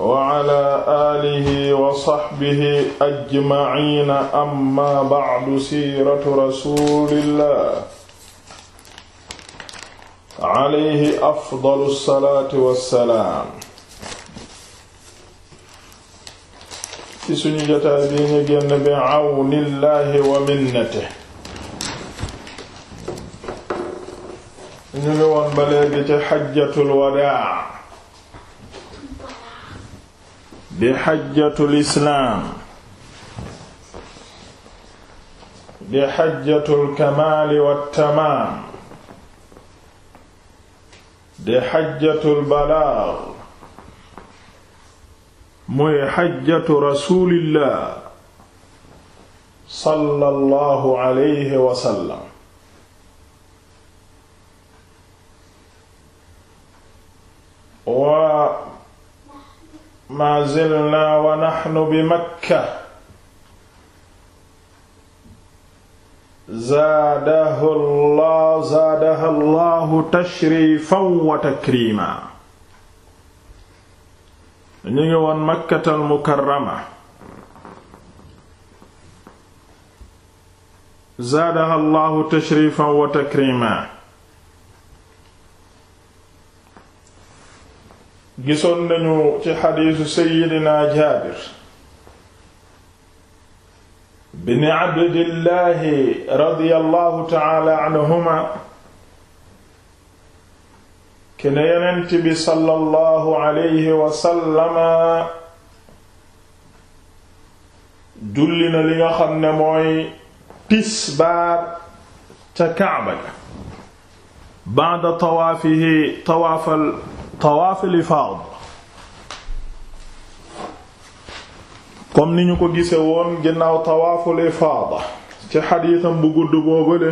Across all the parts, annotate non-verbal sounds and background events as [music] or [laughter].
wa ala aalihi wa saxbihi ajmaciina amma bacdu siiratu rasuulillah alayhi afdalu salaati wa salaam. ci suñu jotaay bi ñu génn bi awnillahi wa minnatihi. ñu ngi woon ba léegi ci xajjatul wadaa. di xajjatul islaam di xajjatul kamaali wattamaam di xajjatul balaag muy xajjatu rasuulillah sallallahu alayhi wa sallam ma zilna wa naxnu bi makka zaadahu allah zaadaha allahu tashrifan wa takrima ñu ngi woon makkatal mukarrama zaadaha allahu tashrifan wa takrima gisoon nañu ci xadiisu seydina jaabir bin abdillahi radiyallahu taala anhuma kene yonent bi sallallahu alayhi wasallama julli na li nga xam ne mooy tisbaar ca kaaba ga ba'da tawaafihi tawaafal tawaaf al-ifaad comme ko gise woon ginnaaw tawaaful ifaada ci xadiisam bu gudd boobale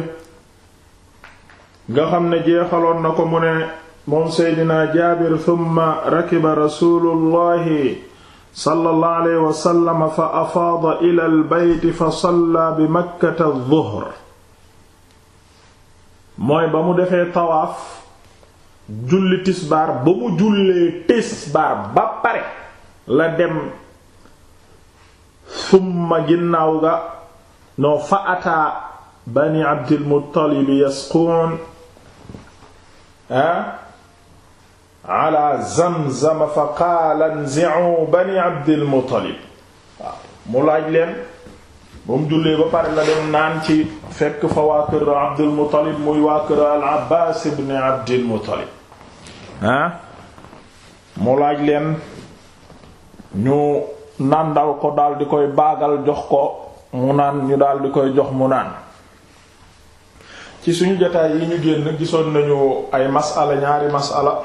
nga xam ne jeexaloon na ko mune ne moom seydinaa jaabir thumma rakiba rasuulullahi sallallahu alayhi wa fa afaada ila albayti fa salla bi makkata adh-dhuhr mooy ba mu defee tawaaf julli tisbaar ba mu jullee tisbaar ba pare la dem summa ginnaaw ga noo fa ataa bani abdil muttalib yasquun ah, ala zamzam fa qaala nzi'u bani abdil mu laaj leen ba mu jullee ba la dem naan ci fekk fa waa kër muy waa al abbaas ibn abdil ah mu laaj leen ñu nàndal ko dal di koy baagal jox ko mu naan ñu dal di koy jox mu naan ci suñu jotaay yi ñu génn gisoon nañu ay masala ñaari masala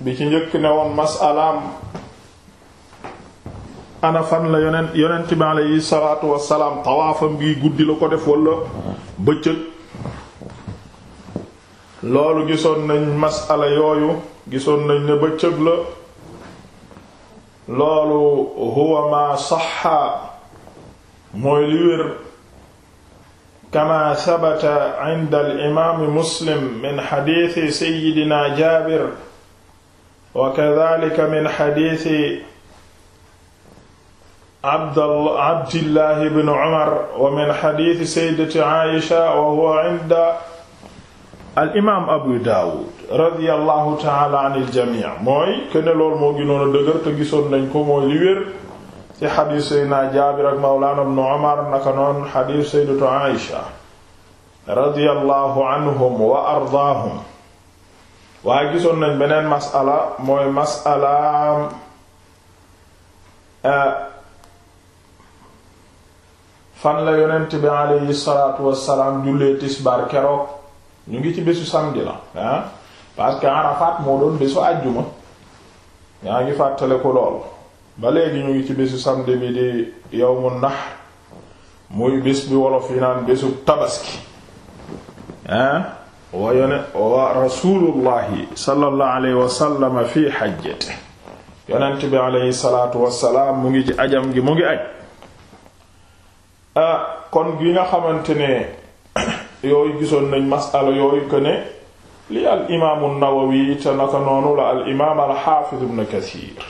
bi ci njëkk ne woon masalaam ana fan la yonent yonent bi aleyhi salaatu wassalaam tawaafam gi guddi la ko def walla bëccëg loolu gisoon nañ masala yooyu gisoon nañ ne bëccëg la loolu huwa ma saxa mooy li wér kama sabata inda alimaami muslim min xadiisi sayidina jaabir wa kadalika min xadiisi abdillahi bn umar wa min xadiisi saydati aisha wa huwa inda al imaam abu daawud radiallahu taala an il jamii mooy këne lool moo ginoon a dëgër te nañ ko mooy li wér ci xadiis seydna jaabir ak mawlaana ibnu umar naka noon xadiis seydatu aisha radiallahu anhum wa ardaahum beneen masala mooy masala fan la yonent bi aleyhi salaatu wassalaam jullee tisbaar keroog ñu ngi ci bésu samedi la ah parce que Arafat moo doon bésu àjjuma yaa ngi fàttale ko ba léegi ñu ngi ci bésu samedi bi di yawmu nahr muy bés bi wolof yi naan bésu tabaski ah wa yone wa rasulullahi sallallahu alayhi wa sallam fi hajjati yonent bi alayhi salaatu wassalaam mu ngi ci ajam gi mu ngi aj ah kon gi nga xamante ne yooyu gisoon nañ masala yooyu que ne li al imaamu nawawi te naka noonu la al imaam al xaafiz ibn kasiir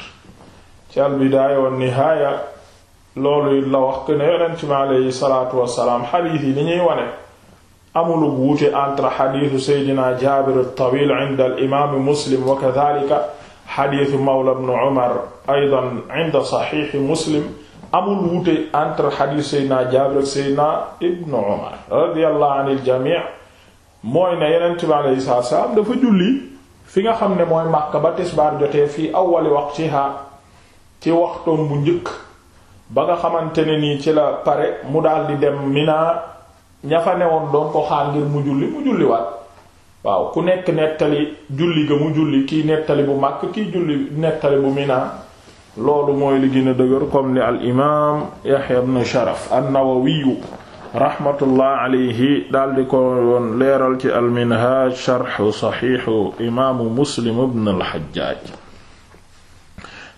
ci al bidaaya wa nihaaya loolu la wax que ne aleyhi salaatu wassalaam xadiis yi li ñuy wane amulu wuute entre xadiisu seydina jaabir al tawil inda al imaami muslim wa kadaalika xadiisu mawla ibn umar aydan inda saxiixi muslim amul wuute entre xadiis seydna Jaabir ak seydna ibnu Umar radiyallahu anil jamii mooy ne yonent bi alayhi salaatu dafa julli fi nga xam ne mooy Makka ba tisbaar jotee fii awwali waqtiha ci waxtoom bu njëkk ba nga xamante ne nii ci la pare mu daal di dem Mina ña fa newoon doon ko xaar ngir mu julli mu julliwaat waaw ku nekk nettali julli ga mu julli kii nettali bu Makka kii julli nettali bu Mina loolu mooy li gën a dëgër comme ni al imaam Sharaf an-Nawawi rahmatullah alayhi daal di leeral ci al minhaj sharh sahih Muslim ibn al Hajjaj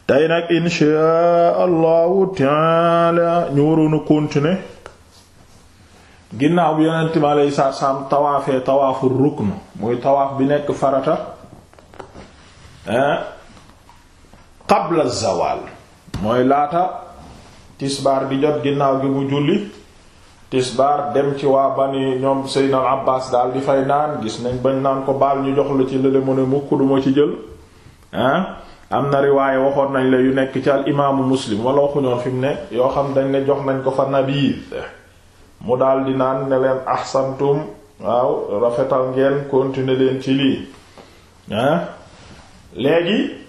tey nag inchaa allahu taala ñu waroon a continuer ginnaaw bi yonent bi aleyhi salaatu salaam tawaafee tawaafu rukn mooy tawaaf bi nekk farata ah qabla zawaal mooy laata tisbaar di jot ginnaaw gi mu julli tisbaar dem ci waa bani ñoom Seydina al Abbaas daal di fay naan gis nañ bañ naan ko baal ñu jox la ci lële mu ne mukk du ci jël ah am na riwaaye waxoon nañ la yu nekk ci al imaamu muslim wala waxuñoon fi mu ne yoo xam dañ ne jox nañ ko fa nabiid mu dal di naan ne leen ahsantum waaw rafetal ngeen continuer leen ci lii ah léegi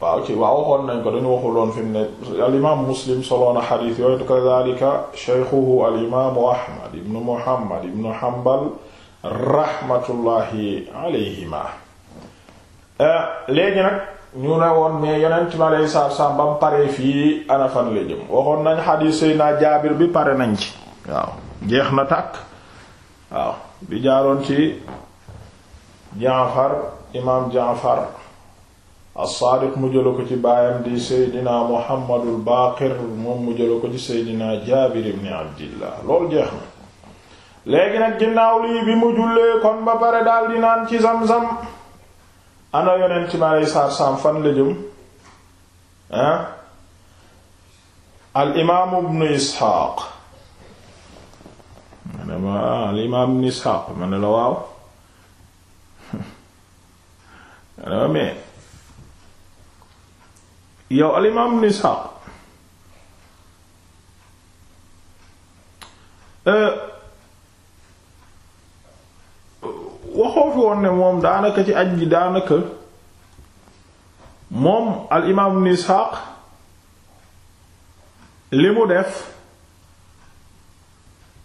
waaw ci waaw waxoon nañ ko dañu waxuloon fi ne alimaam muslim soloon a xadiis yooyu kadhalika shaykhuhu alimaamu ahmad ibnu muhammad ibnu hanbal rahmatullahi alayhima eh, léegi nag ñu ne woon mais yonent mi aleyhi salaatu salaam ba mu fii ana fan la jëm waxoon nañ xadiis Seydina jaabir bi pare nañ ci jeex na tàkk waaw bi jaaroon ci jaafar imaam jaafar as-Saadiq mu jëla ko ci baayam di Seydina Muhammadul Baaqir moom mu jëla ko ci Seydina Jaabir ibn Abdillah loolu jeex na léegi nag ginnaaw lii bi mu jullee kon ba pare daal di naan ci Zamzam ana yonent mi aleyhi salaatu salaam fan la jëm ah al imaam ibn Isxaaq ma ne ma al imaam ibn Isxaaq ma la waaw [laughs] yow al imaam ibn euh, waxoo fi woon ne moom daanaka ci aj gi daanaka moom al imaam li mu def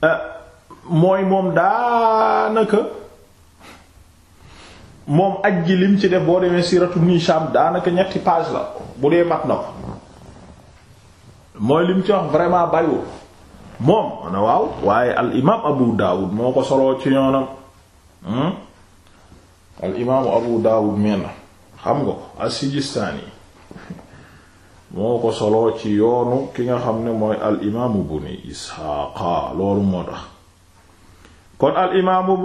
euh, mooy moom daanaka moom aj ji lim ci def boo demee siratu Ibn Hisham daanaka ñetti page la bu dee mat na ko mooy lim ci wax vraiment bariwul moom na waaw waaye al imaam Abu Dawud moo ko soloo ci yoonam hmm? al imaamu Abu Dawud men xam nga ko as [laughs] ko soloo ci yoonu ki nga xam ne mooy al imaamu Ibn Isxaaqa loolu moo tax kon al imaamu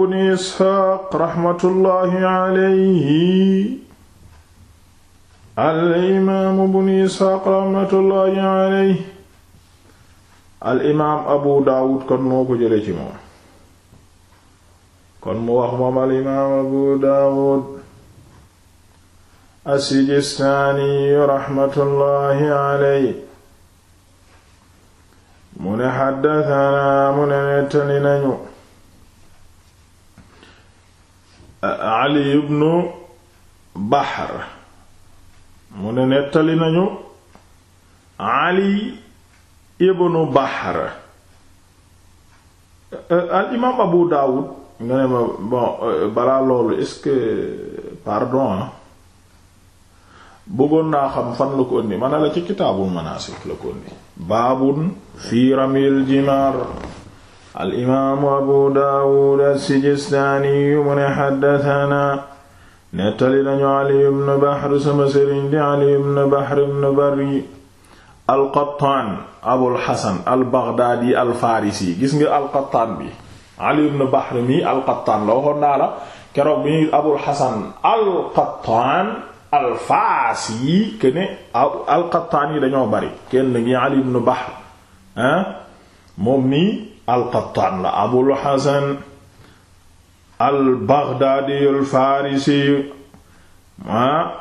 imaam abu daawud kon moo ko jële kon mu wax al imaam abu daawud asijistaani raxmatullaahi alayhi mu ne xaddatanaa mu ne nettali nañu ali ibnu bahr mu ne nettali nañu ali ibnu bahr al imaam abu daawud nga ne ma bon balaa loolu est pardon ah, bëggoon naa xam fan la ko ëndi ma la ci kitaabul manaasik la ko ëndi baabun fi jimaar alimaamu abu daawud as-sijistaaniyu mu ne xaddatanaa nettali nañu ali ibn bahr sama sëriñ di ali ibn bahr ibn bari alqattaan abulxasan albaghdaadi alfaarisi gis nga alqattaan bi ali ibn bahr mi alqattaan la waxoon naa la keroog bi abulxasan alqattaan alfaas yi que ne alqattaan yi dañoo bari kenn ngi ali ibn bahr ah moom nii alqattaan la abul xasan albaghdaadiyul farisiyu ah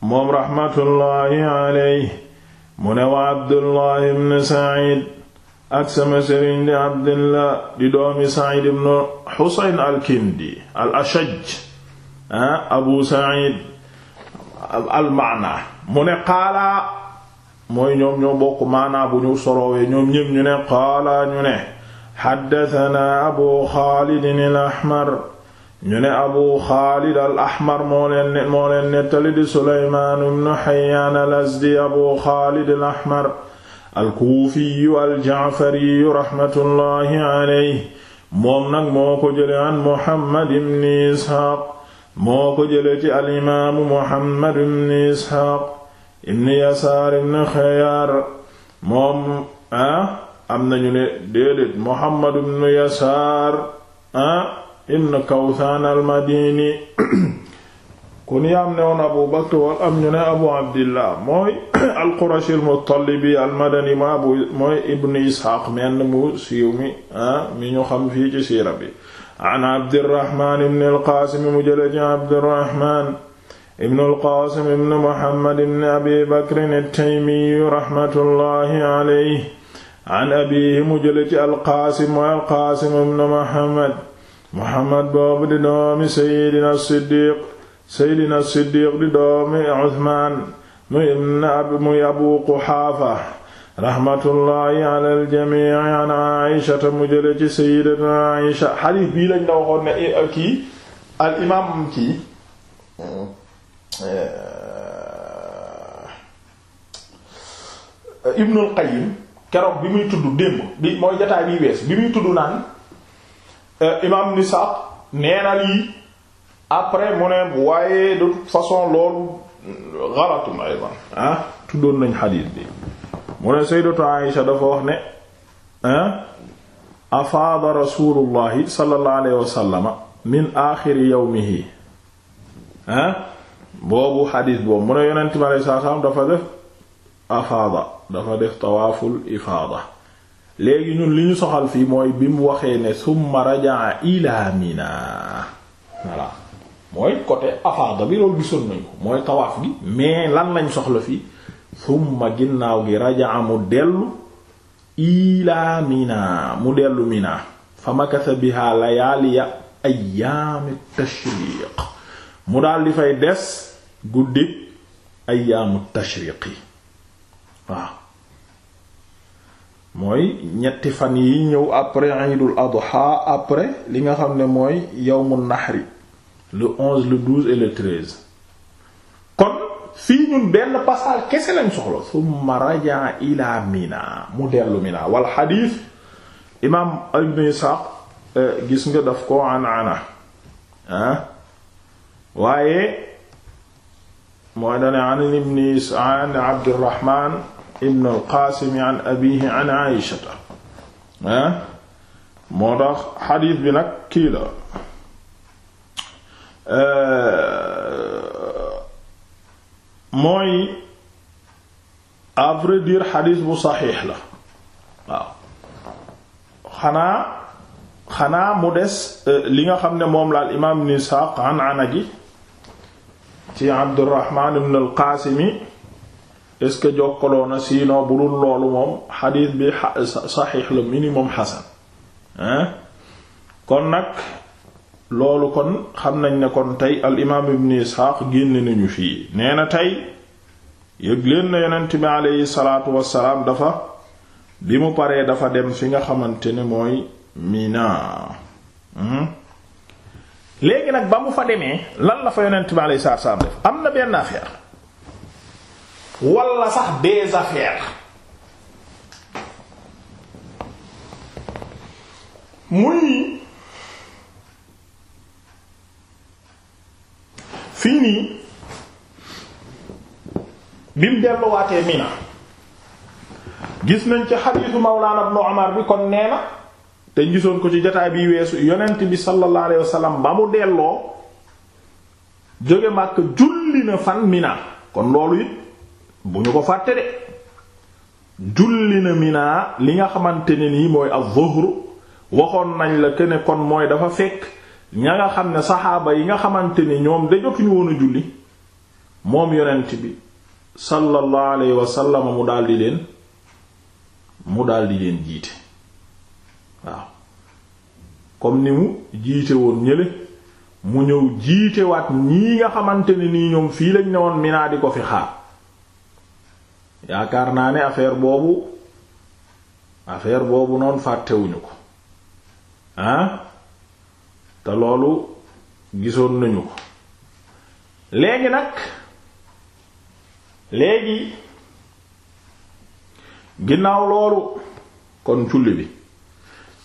moom raxmatullaahi aleyhi mu wa abdullahi ibn said ak sama di abdillah di doomi said ibn xusayn alkindi al abu said almaana mu qaala mooy ñoom ñoo bokk maanaa bu ñu solowee ñoom ñépp ñu qaala ñu xaddatanaa abu xaalidin al ahmar ñu ne abu xaalid al ahmar moo leen moo leen nettali di suleymaanu bnu xayaan al azdi abu xaalid al ahmar al kuufiyu al jaafariyu raxmatullaahi aleyhi moom nag moo ko jële an muhammad ibni isxaaq moo ko jële ci al imaamu muhammad ibni isxaaq ibni yasaar ibni xayaar moom ah am nañu ne déedéet Muhammad ibn Yasaar ah ibn Kawsaan al-Madini [coughs] kun yaam ne woon Abu Bakr wal am ñu ne Abu Abdillah mooy [coughs] al-Qurashi al-Muttalibi al-Madani ma abu mooy ibn Isxaaq menn mu siiw mi ah mi ñu xam fii ci siira bi an Abdirahmaan ibn al-Qaasim mu jële ci Abdirahmaan ibn al-Qaasim ibn Muhammad ibn Abi Bakr at-Taymi rahmatullahi alayhi an abihi mu jële ci alqaasim mooy alqaasim ibnu muhammad muhammad boobu di doomi seydina siddiq seydina siddiq di doomi uthman muy ibn ab muy abu quxaafa raxmatullahi ala aljamii an aishata mu jële ci sayyidatuna aisha xadiis bii lañ la waxoon ne eh, eh, kii al imaam kii eh, ibnul qayyim keroog bi muy tudd démb bi mooy jataay biy wees bi muy tudd naan euh, imam nisaq neena lii après mu ne waaye de toute façon loolu galatum ayban ah tuddoon nañ xadiis bi mu ne sayyidatu Aïsha dafa wax ne afaada rasulullahi sallallahu alayhi wa sallama min axiri yawmihi ah boobu xadiis boobu mu ne yonent bi alayhi salaam dafa def afaada dafa def tawaaful ifaada léegi ñun li ñu soxal fii mooy bi mu waxee ne summa rajaa ila mina voilà mooy côté afaada bi loolu gisoon nañ mooy tawaaf gi mais lan lañ soxla fii summa ginnaaw gi rajaa mu dellu ila mina mu dellu mina fa makasa biha layaaliya ayaami tashriq mu daal di fay des guddi ayaamu tashriq yi waaw mooy ñetti fan yi ñëw après Eidul Adha après li nga xam ne mooy yawmun nahri le onze le douze et le kon fii ñun benn passage kese lañ soxla summa raja ila Mina mu dellu Mina wal xadiis imaam Ibn Isaaq eh, gis nga daf ko an ana ah. waaye mooy dane an ibni an abdirahman ibn alqaasimi an abihi an aishata ah moo tax xadiis bi nag kii la ah, mooy à vrai dire bu saxiix la waaw xanaa xanaa mu des euh, li nga xam ne moom la al imaam ibn Isxaaq an ana gi ci Abdurrahman ibn al-Qasimi est ce que jokkaloo na sinon bu dul loolu moom xadiis bi saxiix la minimum xasan kon nag loolu kon xam nañ ne kon tey al imaam ibn Isxaaq génn nañu fii nee na tey yëg leen na yonent bi aleyhi salaatu wassalaam dafa bi mu paree dafa dem fi nga xamante ni mooy Mina. Hmm? léegi nag ba mu fa demee lan la fa yonent bi alayhi salaatu salaam def am na benn affaire wala sax des affaires fii nii bi mu delluwaatee Mina gis nañ ci xadiisu Mawlaana Ibnu Umar bi kon nee na te gisoon ko ci jataay bi weesu yonent bi sallallahu alayhi wasallam ba mu delloo jóge Makka julli na fan Mina kon loolu it bu ñu ko fàtte de julli na Mina li nga xamante ne nii mooy az-zuhr waxoon nañ la ke ne kon mooy dafa fekk ña nga xam ne saxaaba yi nga xamante ni ñoom da jotuñu woon julli moom yonent bi sallallahu alayhi wasallam mu daldi leen mu daldi leen jiite waaw comme ni mu jiite woon ñële mu ñëw jiitewaat ñii nga xamante ne nii ñoom fii lañ ne woon minaa di ko fi xaar yaakaar naa ne affaire boobu affaire boobu noon fàttewuñu ko ah te loolu gisoon nañu ko léegi nag léegi ginnaaw loolu kon julli bi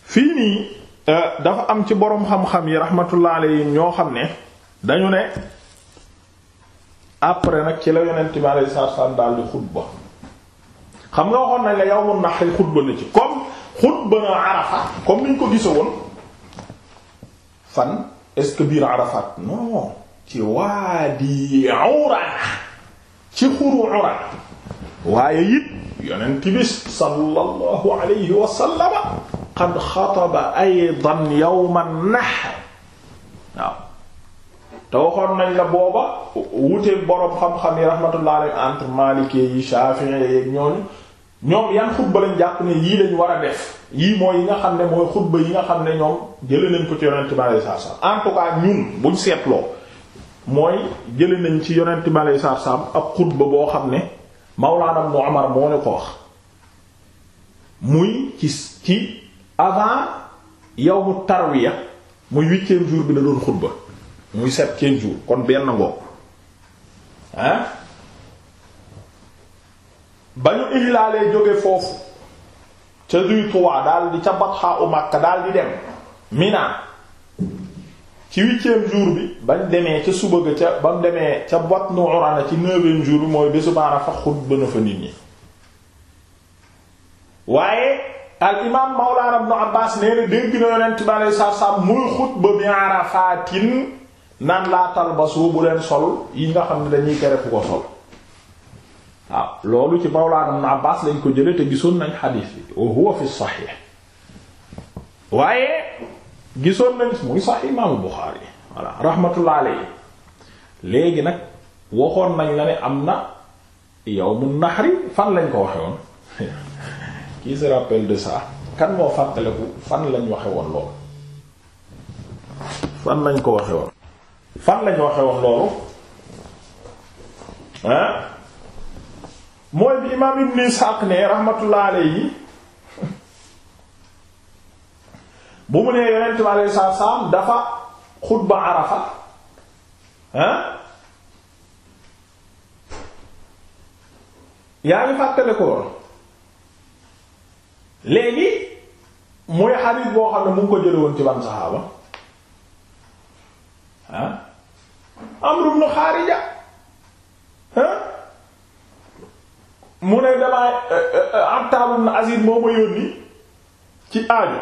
fii nii euh, dafa am ci boroom xam-xam yi rahmatullah alayhim ñoo xam ne dañu ne après nag ci la yonent bi alayhi salaatu salaam daal di xutba xam nga waxoon na la yawmun nahr xutba na ci comme xutba na Arafa comme niñ ko gisa woon fan est-ce que biir Arafat non ci waadi Urana ci xuru Urana waaye it yonent bi sallallahu alayhi wa qad xataba aydan yawma nahr waaw te waxoon nañ la booba wuteeg boroom xam-xam yi rahmatullah alayhi entre maalikee yi shafi'i yeeg ñooñu ñoom yan xutba lañ jàpp ne yii lañ war a def yii mooy yi nga xam ne mooy xutba yi nga xam ne ñoom jële nañ ko ci yonent bi alayhi salaatu salaam en tout cas ñun buñ seetloo mooy jële nañ ci yonent bi alayhi salaatu salaam ak xutba boo xam ne Mawlaana Ibn Umar moo ne ko wax muy ci ci avant yawmu tarwiya muy huitième jour bi la doon xutba muy septième jour kon benn ngoog ah ba ñu ihlaalee jóge foofu ca Dhi Tuwa daal di ca Batha u Makka daal di dem Mina ci huitième jour bi bañ demee ca suba ga ca ba mu demee ca Batnu Urana ci neuvième jour bi mooy bésu baana fa xutba na fa nit ñi waaye al imaam Mawlaana Ibnu Abbaas nee dégg na yonent bi alayhi salaatu salaam muy xutba bi Arafaatin naan laa talbasu bu leen sol yi nga xam ne dañuy tere ku ko sol waaw loolu ci Mawlaana Ibnu Abbaas lañ ko jëlee te gisoon nañ xadiis bi wa huwa fi saxiix waaye gisoon nañ muy saxiix Imaamu Buxaari voilà rahmatullahi alayhi léegi nag waxoon nañ la ne am na yawmu naxri fan lañ ko waxee woon. [laughs] qui se rappelle de ça kan moo fàttaleku fan lañ waxe woon loolu fan lañ ko waxe woon fan lañ waxe woon loolu ah mooy bi imaam Ibn Ishaq ne rahmatullah yi bu mu nee yonent bi alayhi salaatu salaam dafa xutba Arafa ah yaa ngi fàttale ko woon léegi muy xadiis boo xam ne mu ko jële woon ci ban saxaaba ah Amru ibn Xaarija mu ne na Attaab euh, euh, ibn Aziz moo ma yónni ci aajo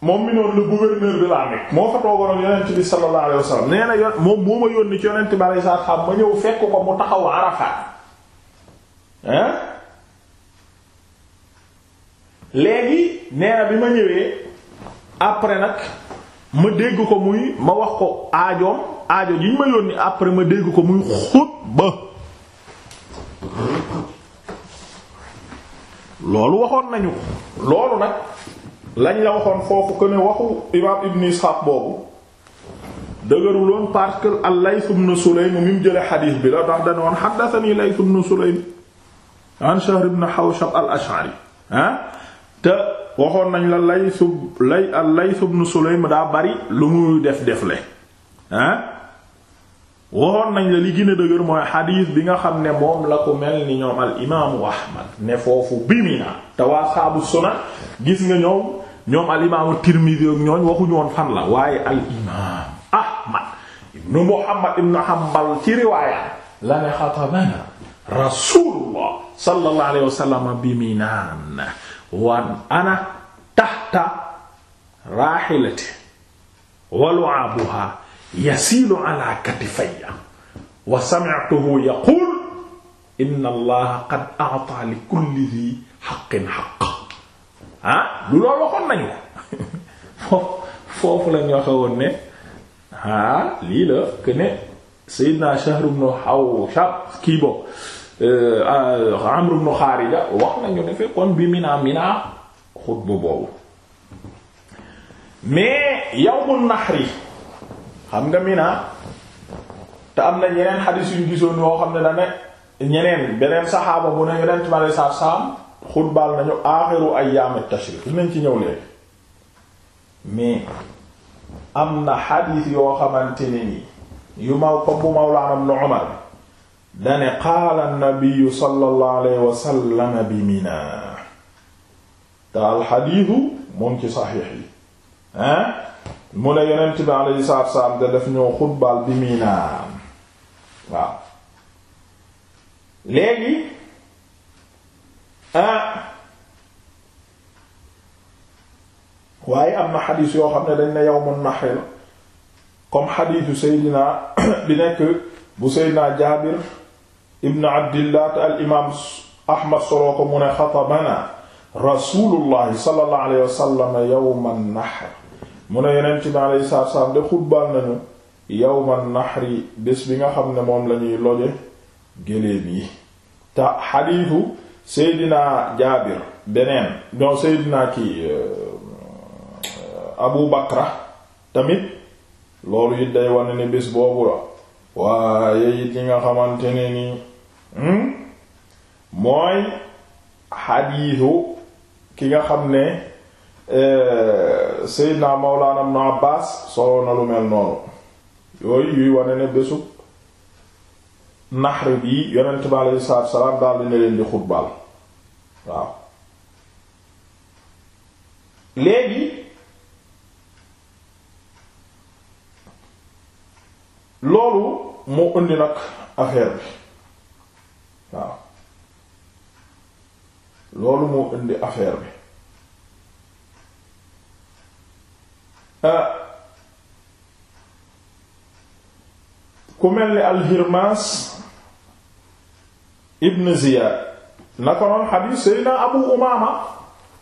moom mi noonu le gouverneur de la Mecque moo fa toogoon ak yonent bi sallallahu alayhi wasallam nee na yoon moom moo ma yónni ci yonent bi alayhi salaam ma ñëw fekk ko mu taxaw Arafat ah léegi nee bi ma ñëwee après nag ma dégg ko muy ma wax ko aajo aajo ji ñu ma yónni après ma dégg ko muy ba loolu waxoon nañu ko loolu nag lañ la waxoon foofu ko ne waxu imaam ibn Ishaq boobu dëgëruloon parce que al Layth ibn Sulaym mi mu jële xadiis bi la ndax danoon xaddathani Layth ibn Sulaym an Shahr ibn Hawshab al Ash'ari ah te waxoon nañ la lay sub lay al lay sub daa bari lu muy def defle ah waxoon nañ la li gën a dëgër mooy xadiis bi nga xam ne moom la ko mel ni ñoom al imaamu Ahmad ne foofu bimina te waa saabu suna gis nga ñoom ñoom al imaamu ñooñ waxuñu woon fan la waaye al imaam Ahmad ibnu Muhammad ibnu Hanbal ci riwaaya la ne xatabana rasuulullah sallallahu alayhi wa sallam biminaan wan ana tahta raahilati wa lu'abuha yasiilu ala katifayya wa sami'tuhu yaqul inna allaha qad a'ta li kulli dhi haqqin haqq ah lu loolu waxoon nañu ko [laughs] foofu lañu waxe woon ne ah lii la que ne Seydina Shahr ibn Hawshab kii boobu Euh, ah, euh, Amr ibn Kharija wax nañu ne fekkoon bi Mina Mina xutba boobu mais yawmun nahri xam nga minaa te am na ñeneen xadiis yuñ gisoon woo xam ne da ne ñeneen beneen saxaaba bu ne Yonent bi alayhi salaatu salaam xutbaal nañu aaxiru ayyaam ci ñëw léegi mais am na xadiis yoo xamante ne yu maw ko bu Mawlaana Ibn Umar dane qaala nabiyu sallallahu alayhi wa sallam bi Mina te alxadiisu mu ngi ci saxiix mu ne yonent bi alayhi salaatu wa salaam da def bi Mina waaw léegi ah am na xadiis yoo xam ne dañ ne yawmun nahr Seydina [coughs] bi nekk bu Seydina Jaabir ibn abdillah te al imaam ahmad soloo ko mu ne xatabana rasulullahi sallallahu alayhi wasallam yawma nahr mu ne yeneen ci bi alayhi salaatu wasallam de xutbaal nañu yawma nahri bés bi nga xam ne moom lañuy loje géléem yi te xadiitu seydina jaabir beneen don seydina ki euh, abu bakra tamit loolu it day wane ne bés boobu la waaye it yi nga xamante ne nii Hmm? mooy xadiisu ki nga xam ne eh, Seydina Mawlana Ibn Abbas soloo na lu mel noonu yooyu yuy wane ne bésub naxar bi yonent bi aleyhi salaatu wa daal dina leen di xutbaal waaw léegi loolu moo indi nag affaire bi waaw loolu moo indi affaire bi ah. ku mel ni alhirmas ibn ziyad na ko noon xadiis abu umaama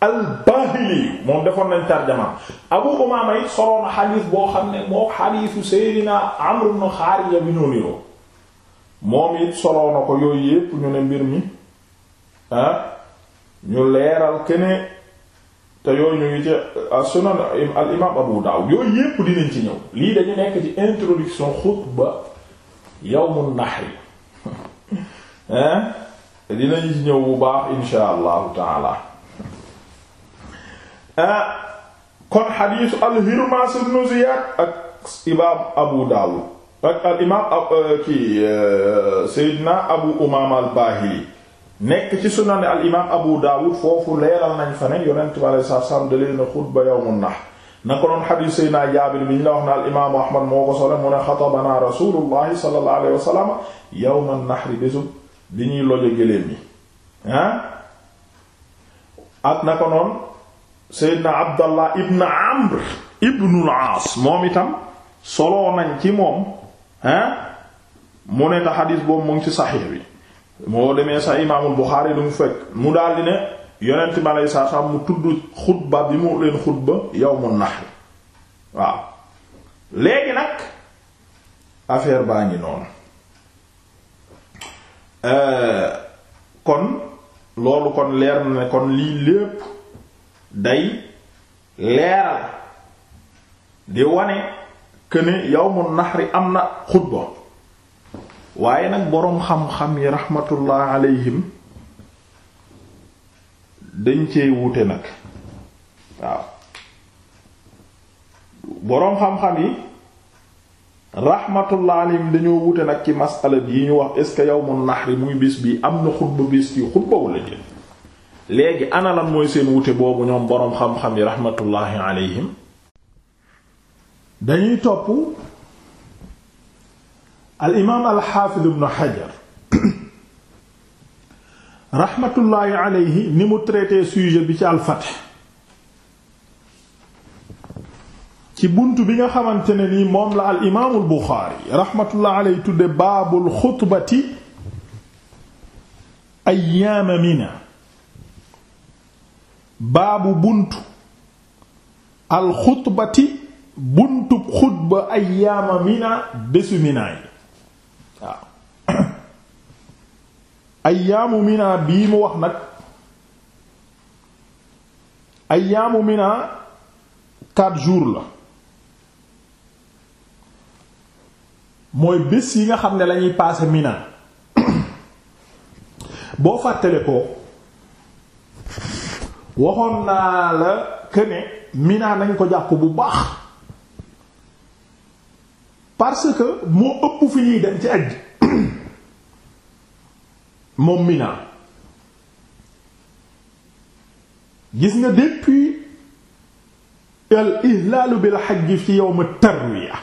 albahili moom defoon nañ tarjama abu umaama it soloon xadiis boo xam ne moo xadiisu seydna amru ibn xaarija bi ñoo moom it soloo ko yooyu yépp ñu ne mbir mi ah ñu leeral kene te yooyu ñu ngi ci ah, sunan al imam Abu Dawud yooyu yépp dinañ ci ñëw lii dañu nekk ci introduction xutba yawmun nahr hein [laughs] ah, dinañ ci ñëw bu baax insha allahu taala ah, kon xadiisu al Hirmas ibn Ziyad ak imaam Abu Dawud ak al imaam euh, kii euh, Seydina Abu Umaama al nekk ci sunan al imaam Abu Daawud foofu leeral nañ fa ne yonent bi alayhi salaatu salaam da leen a xutba yawmun nahr naka noonu xadiis Seydina Jaabir bi ñu la wax na al imaamu Ahmad moo ko solo mu ne xatabanaa rasuulullahi lojo géléem yi ah ak naka Abdallah ibn Amr ibn al-Aas moom itam solo nañ ah mu ne ta boobu mu ngi ci saxiix bi moo demee sax imaamul Buxaari lu mu fekk mu daal ne yonent mi aleyhi salaatu mu tudd xutba bi mu leen xutba yawmun nahr waaw léegi nag affaire baa ngi noonu euh, kon loolu kon leer na ne kon lii lépp day leeral di wane. këne yawmun nahri am na xutba waaye nag boroom xam-xam yi raxmatullah alayhim dañ cee wuute nag waaw boroom xam-xam yi raxmatullah alayhim dañoo wuute nag ci masala bi yi ñu wax est-ce que yawmun nahri muy bis bi am na xutba bis yi xutba walla jël léegi ana lan mooy seen wuute boobu ñoom boroom xam-xam yi raxmatullahi alayhim dañuy topp al imaam al xaafid ibn Hajar [clears throat] raxmatullaahi aleyhi ni mu traité sujet bi ci al ci bunt bi nga xamante ne nii moom la al imaamul Buxaari raxmatullaahi aleyhi tudde baabul xutbati baabu bunt al buntub ay ayyaama mina bésu mina yi waaw [coughs] ayyaamu mina bii mu wax nag ayyaamu mina quatre jours la mooy bés yi nga xam ne lañuy paase mina [coughs] boo fàttale ko waxoon naa la këne mina nañ ko jàpp bu baax parce que moo ëpp fi ñuy dem ci aj [coughs] moom Mina gis nga depuis al ihlaalu bil hajj fi yawm tarwiya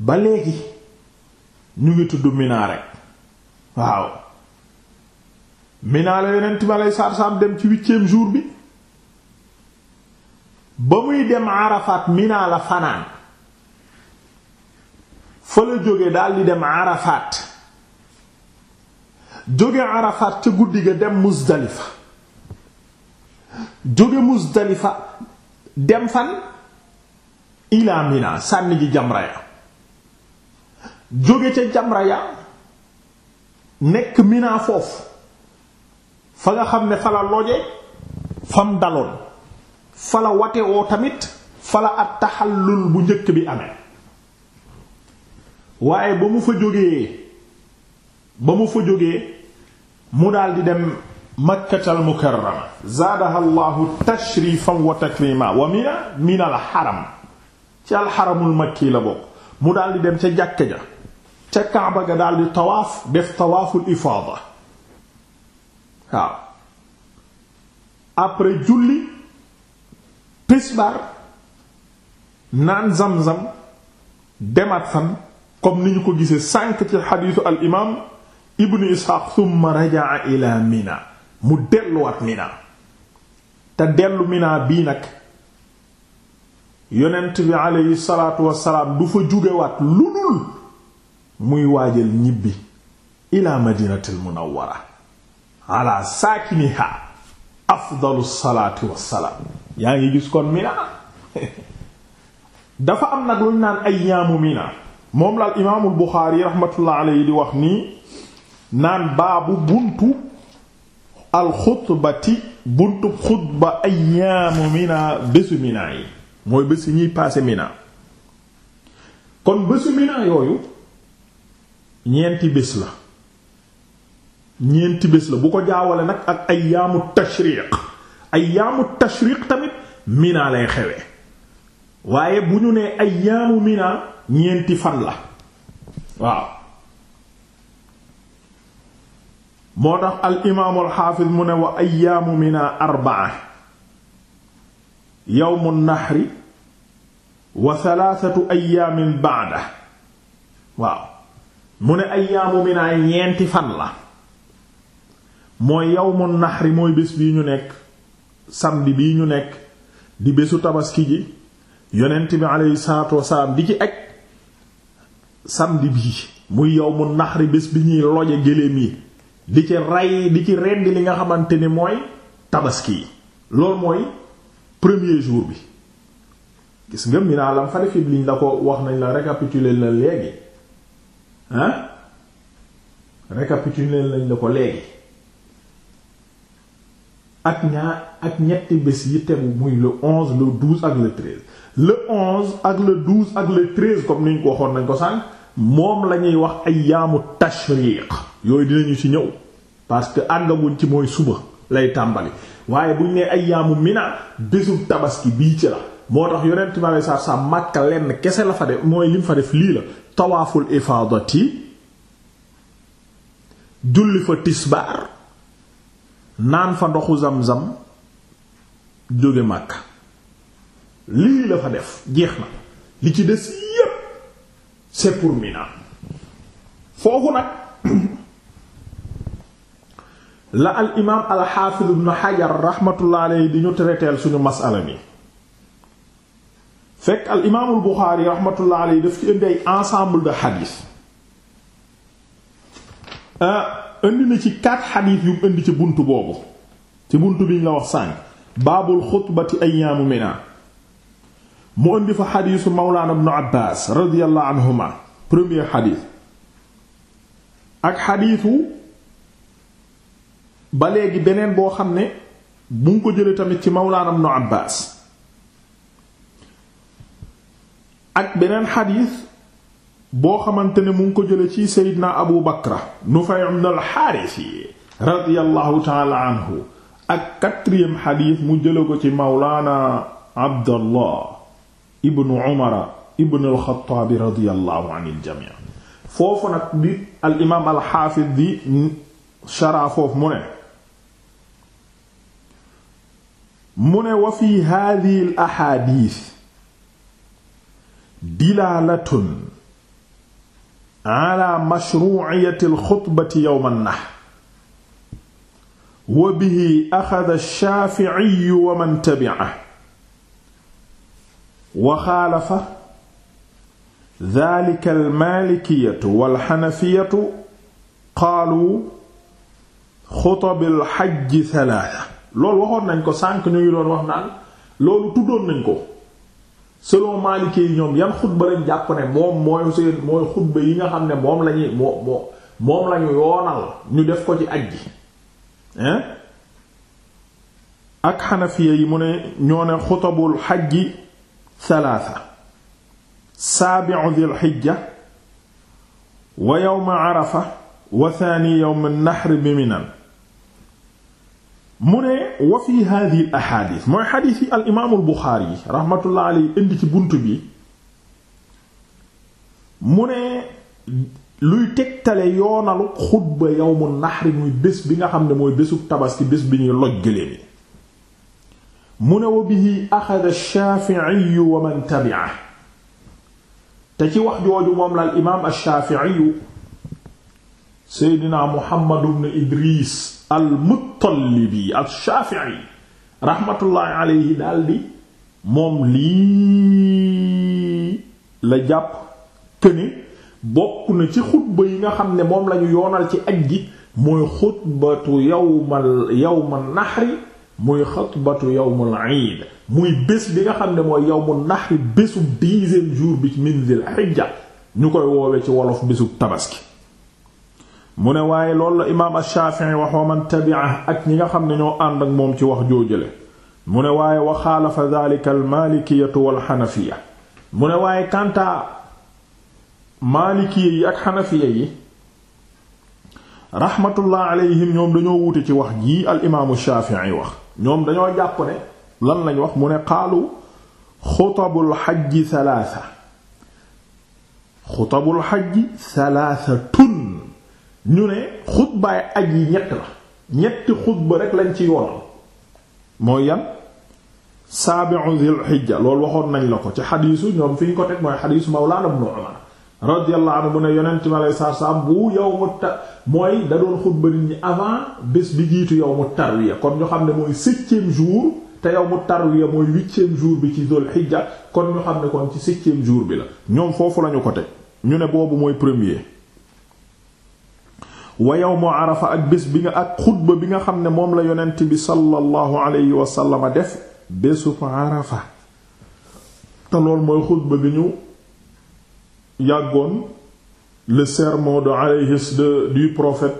ba léegi ñu ngi tudd Mina rek waaw Mina la yonent bi aleyhi salaatu salaam dem ci huitième jour bi ba muy dem Arafat Mina la fanaan fa la jóge daal di dem Arafat jóge Arafat ca guddi ga dem Muzdalifa jóge Muzdalifa dem fan ila Mina sànni ji Jamraya jóge ca Jamraya nekk Mina foofu fa nga xam ne fa la loje fam daloon fa la wate tamit fa la at taxallul bu njëkk bi amee waaye ba mu fa jógee ba mu fa jógee mu daldi dem makkatal mukarrama zaadaha llahu tashrifan wa takrima wa mina min al ci alxaramul makki la bokk mu daldi dem ca jàkka ja ca kaaba ga daldi tawaaf def tawaaful ifaada waaw après julli tisbaar naan zamzam demaat fan comme ni ñu ko gisee sànq ci xadiisu al imaam ibnu isxaaq summa rajaa ila mina mu delluwaat mina te dellu mina bii nag yonent bi aleyhi salaatu wasalaam du fa jugewaat lu dul muy waajal ñibbi ila madinatil munawwara ala saakiniha afdalu salaati wassalaam yaa ngi gis kon mina [laughs] dafa am nag luñ naan ayyaamu mina moom laal imaamul Buxaari rahmatullah yi di wax nii naan baabu buntu alxutbati buntu xutba ayaamu mina bésu mina yi mooy bés yi ñuy paase mina kon bésu mina yooyu ñeenti bés la ñeenti bés la bu ko jaawale nag ak ayaamu tashriq ayaamu tashriq tamit mina lay xewee waaye bu ñu nee ayaamu mina ñeenti fan la waaw moo tax al imaamu mina arbaa yawmu naxri wa thalathatu ayaamin baada waaw mu ne ayaamu mina ñeenti fan la mooy yawmu naxri mooy bés bii ñu nekk samedi bii ñu nekk di bésu tabaski ji yonent bi aleyhi salaatu wasalaam di ci aj samedi bi muy yawmu naxri bés bi ñuy loje géléem yi di ci ray di ci rendi li nga xamante ni mooy tabaski yi loolu mooy premier jour bi gis nga minaa lam fa def liñ la ko wax nañ la rek récapituler la léegi ah récapituler lañ la ko léegi ak ñaar ak ñetti bés yi tegu muy le onze le douze ak le treize la onze ak la douze ak le treize comme niñ ko waxoon nañ ko sànq moom lañuy wax ayyaamu tashriq yooyu dinañu ci ñëw parce que àngaguñ ci mooy suba lay tàmbali waaye buñ nee ayyaamu mina bésub tabaski bii ci la moo tax yonent mi alei satu selaam lenn kese la fa def mooy lim fa def lii la tawaaful ifaadati julli fa tisbaar naan fa ndoxu zam-zam jóge màkka lii la fa def jeex na li ci des c'est pour Mina foofu nag [clears throat] la al imaam al xaafiz ibn Hajar rahmatullah alayhi di ñu traiteel suñu masala mi fekk al imaamul Buxaari rahmatullah alayhi ci indi ay ensemble de xadiis euh, indi na ci quatre xadiis yu indi ci bunt boobu ci bunt bi ñu la wax sànq baabul xutbati ayyaamu Mina mu indi fa xadiisu mawlaana ibnu abbaas radiyallahu anhuma premier xadiis ak xadiisu ba léegi beneen boo xam ne bu ngi ko jële tamit ci mawlaana ibnu abbaas ak beneen xadiis boo xamante ne mu ngi ko jële ci seydina abu bakra nufay ibn al xaaris yi radiyallahu taala anhu ak quatrième xadiis mu jële ko ci mawlaana abdallah ibnu umara ibnu alxataabi radiallahu an iljami foofu nag bi al imaam alxaafid di sharaa foofu mu ne mu ne wa fi hadihi al axaadiis dilaalatun ala mashruuciyati alxutbati yowma nahr wa bihi axada alshaaficiyu wa man tabicahu waxaalafa dalika almalikiyatu walxanafiyatu qaalu xutabil xajji salaasa loolu waxoon nañ ko sànq ñu ngi doon wax naan loolu tuddoon nañ ko selon maalikee yi ñoom yan xutba lañ jàpp ne moom mooy seen mooy xutba yi nga xam ne moom lañuy moom lañu yoonal ñu def ko ci aj ji ak xanafiya yi mu ne ñoo ne xutabul xajji thalaatha saabi'u dhil hijja wa yawma arafa wa thani yawma nahr bi minan mu ne wa fi hadhihi al mooy xadiis yi al imaamul buxaari indi ci bunt bi mu ne luy tegtale yoonalu xutba yawmu nahr muy bés bi nga xam ne mooy bésub tabaski bés bi ñuy loj gëléem yi mu ne wa bihi axada Shaafi'i wa man tabi'a te ci wax jooju moom la al imaam ash-Shaafi'i Seydina Muhammad ibn Idris al-Muttalibi ash-Shaafi'i rahmatullahi alayhi daldi moom lii la jàpp këne bokk na ci xutba yi nga xam ne moom lañu yoonal ci ak gi mooy xutbatu yawmal yawmal nahri muy xatbatu yawmul iid muy bés bi nga xam ne mooy yawmu nahri bésu dixième jour bi min zil hijja ñu koy woowee ci wolof bésu tabaski mu ne waaye loolu la imaam ash wax wa man tabi'a ak ñi nga xam ne ñoo ànd ak moom ci wax joojale mu ne waaye wa xaalafa dhalika al-malikiyatu xanafiya mu ne waaye kanta malikiya yi ak xanafiya yi rahmatullah alayhim ñoom dañoo wuute ci wax jii al imaamu Shaafi'i wax ñoom dañoo jàpp ne lan lañ wax mu ne qaalu xutabul xajji salaasa xutabul xajji salaasatun ñu ne xutbaay aj yi ñett la ñetti xutba rek lañ ci yoonal mooy yan saabi'u dhil hijja loolu waxoon nañ la ko ci xadiisu ñoom fi ñu ko teg mooy xadiisu mawlaana ibnu Umar radiyallahu anhu mu ne yonent mi aleyhi salaatu salaam bu yawmu ta mooy da doon xutba nit ñi avant bés bi jiitu mu tarwiya kon ñu xam ne mooy septième jour te yawmu tarwiya mooy huitième jour bi ci Dul Hijja kon ñu xam ne kon ci septième jour bi la ñoom foofu lañu ko teg ñu ne boobu mooy premier wa yawmu Arafa ak bés bi nga ak xutba bi nga xam ne moom la yonent bi sallallahu alayhi wa sallam def bésu Arafa te loolu mooy xutba bi ñu yàggoon le sermon de alayhis de du prophète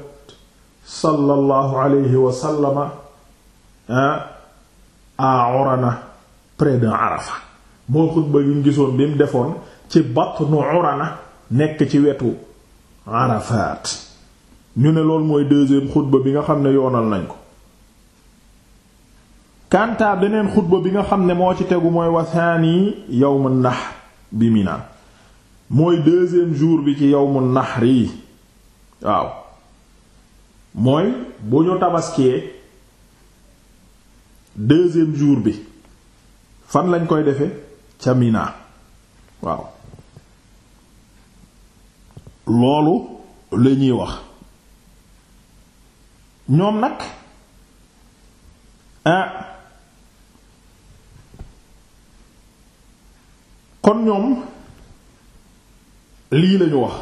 sallallahu alayhi wa sallama Orana près de Arafa moo xutba yu gisoon bi mu defoon ci batnu Orana nekk ci wetu Arafat ñu ne lool mooy deuxième xutba bi nga xam ne yoonal nañ ko kantaa beneen xutba bi nga xam ne moo ci tegu mooy wasaani yawm an-nahr bi Mina mooy deuxième jour bi ci yawmu naxri waaw mooy bu ñu tabaskee deuxième jour bi fan lañ koy defe ca Mina waaw loolu li ñuy wax ñoom nag ah kon ñoom lii lañu wax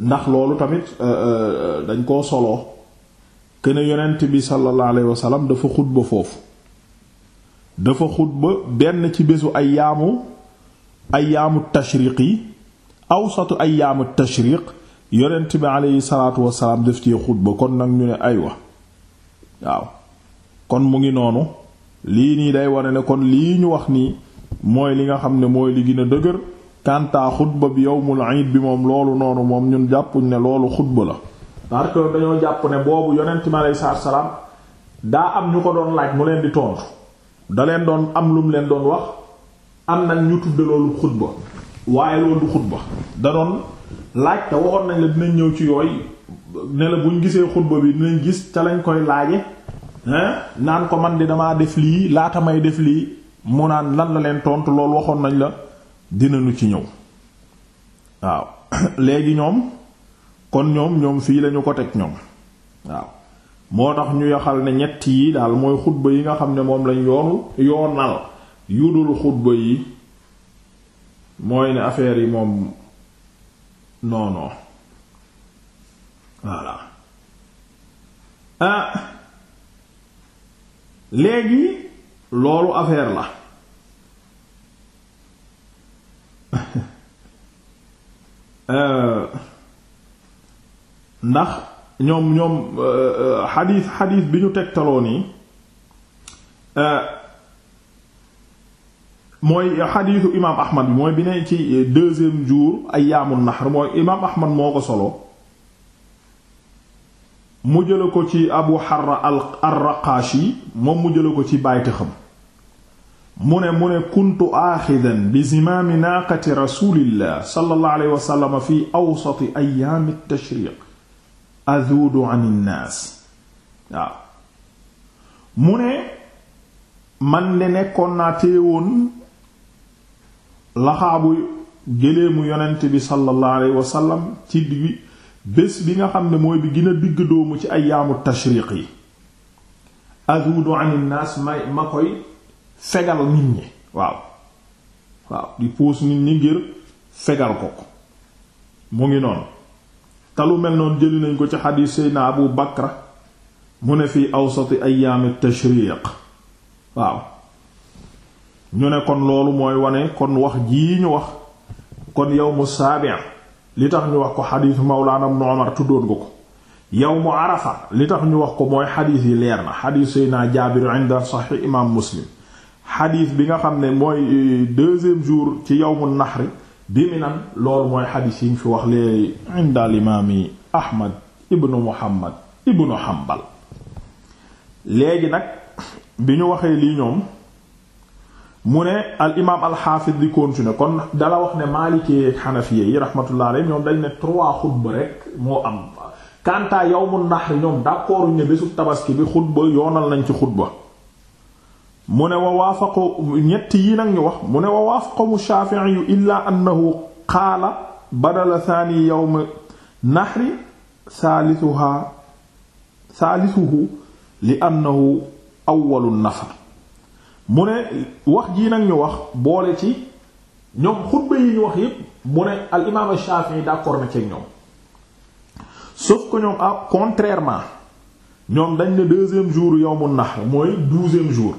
ndax loolu tamit euh, euh, dañ koo soloo kën yonent bi sallallahu alayhi wa sallam dafa xutba foofu dafa xutba benn ci bésu ayaamu ayaamu tashriq yi awsatu ayaamu tashriq yonent bi alayhi salaatu wasalaam daf cee xutba kon nag ñu ne wa waaw kon mu ngi noonu lii nii day wane ne kon lii ñu wax nii mooy li nga xam ne mooy li gën dëgër kanta xutba bi yowmul iid bi moom loolu noonu moom ñun jàppuñ ne loolu xutba la parce que dañoo jàpp ne boobu yonent mi aleyhi salaatu salaam daa am ñu ko doon laaj mu leen di tontu da leen doon am lu mu leen doon wax am nag ñu tudde loolu xutba waaye loolu du xutba da doon laaj te waxoon nañ la dinañ ñëw ci yooy ne la buñ gisee xutba bi dinañ gis ca lañ koy laaje naan ko man di damaa def lii laata may def lii mu naan lan la leen tontu loolu waxoon nañ la dinañu ci ñëw waaw [coughs] léegi ñoom kon ñoom ñoom fii lañu ko teg ñoom waaw moo tax ñu yaxal ne ñett yi daal mooy xutba yi nga xam ne moom lañ yoonu yoonal yudul xutba yi mooy ne affaire yi moom noonoo non ah. léegi loolu affaire la Euh, ndax ñoom ñoom euh, xadiis xadiis bi ñu tegtaloo nii euh, mooy xadiisu imaam ahmad bi mooy bi ne ci deuxième jour ayyaamul nahr mooy imaam ahmad moo ko solo mu jëla ko ci abu xarra al raqaashi moom mu jëla ko ci bàyyi xam mu ne mu ne kuntu aaxidan bi zimaami naaqati rasulillah sallallahu alayhi wa sallam fi awsati ayyaami tashriiq azuudu an innaas waaw mu ne man de nekkoon naa téewoon laxaabu géléemu yonent bi sallallahu alayhi wa ci bi bés bi nga xam ne mooy bi gën a digg doomu ci ayyaamu tashriiq yi azuudu an innaas may ma koy fegal nit ñi waaw waaw di puus nit ñi ngir fegal ko ko mu ngi noonu te lu mel noonu jëli nañ ko ci xadiis Seydina Abu Bakra mu ne fii awsati ayaami tashriq waaw ñu ne kon loolu mooy wane kon wax jii ñu wax kon mu saabi' li tax ñu wax ko xadiis Mawlaana Ibnu Umar tuddoon nga ko yawmu Arafa li tax ñu wax ko mooy xadiis yi leer na xadiis Seydina Jaabir inda saxiix imaam Muslim xadiis bi nga xam ne mooy euh, deuxième jour ci yawmu naxri bi mi nan loolu mooy xadiis yi ñu fi wax lee indaal imaami ahmad ibnu muhammad ibnu hambal léegi nag bi ñu waxee lii ñoom mu ne al imaam al xaafis di kon dala wax ne maalikee xanafiye yi rahmatullah alayhi ñoom dañ ne trois xutba rek moo am kantaa yawmu naxri ñoom d'accorduñ ne bésu tabaski bi xutba yoonal nañ ci xutba mu ne wa waafaqo ñett yi nag ñu wax mu ne wa waafaqamu yu illa annahu qaala badala thani yawm nahri thalithuha thalithuhu li annahu awwalu nafar mu ne wax jii nag ñu wax boole ci ñoom xutba yi ñu wax yépp mu ne al imaam shaafi'i d'accord na ci ñoom sauf que ñoom ah contrairement ñoom dañ ne deuxième jour yawmu nahr mooy douzième jour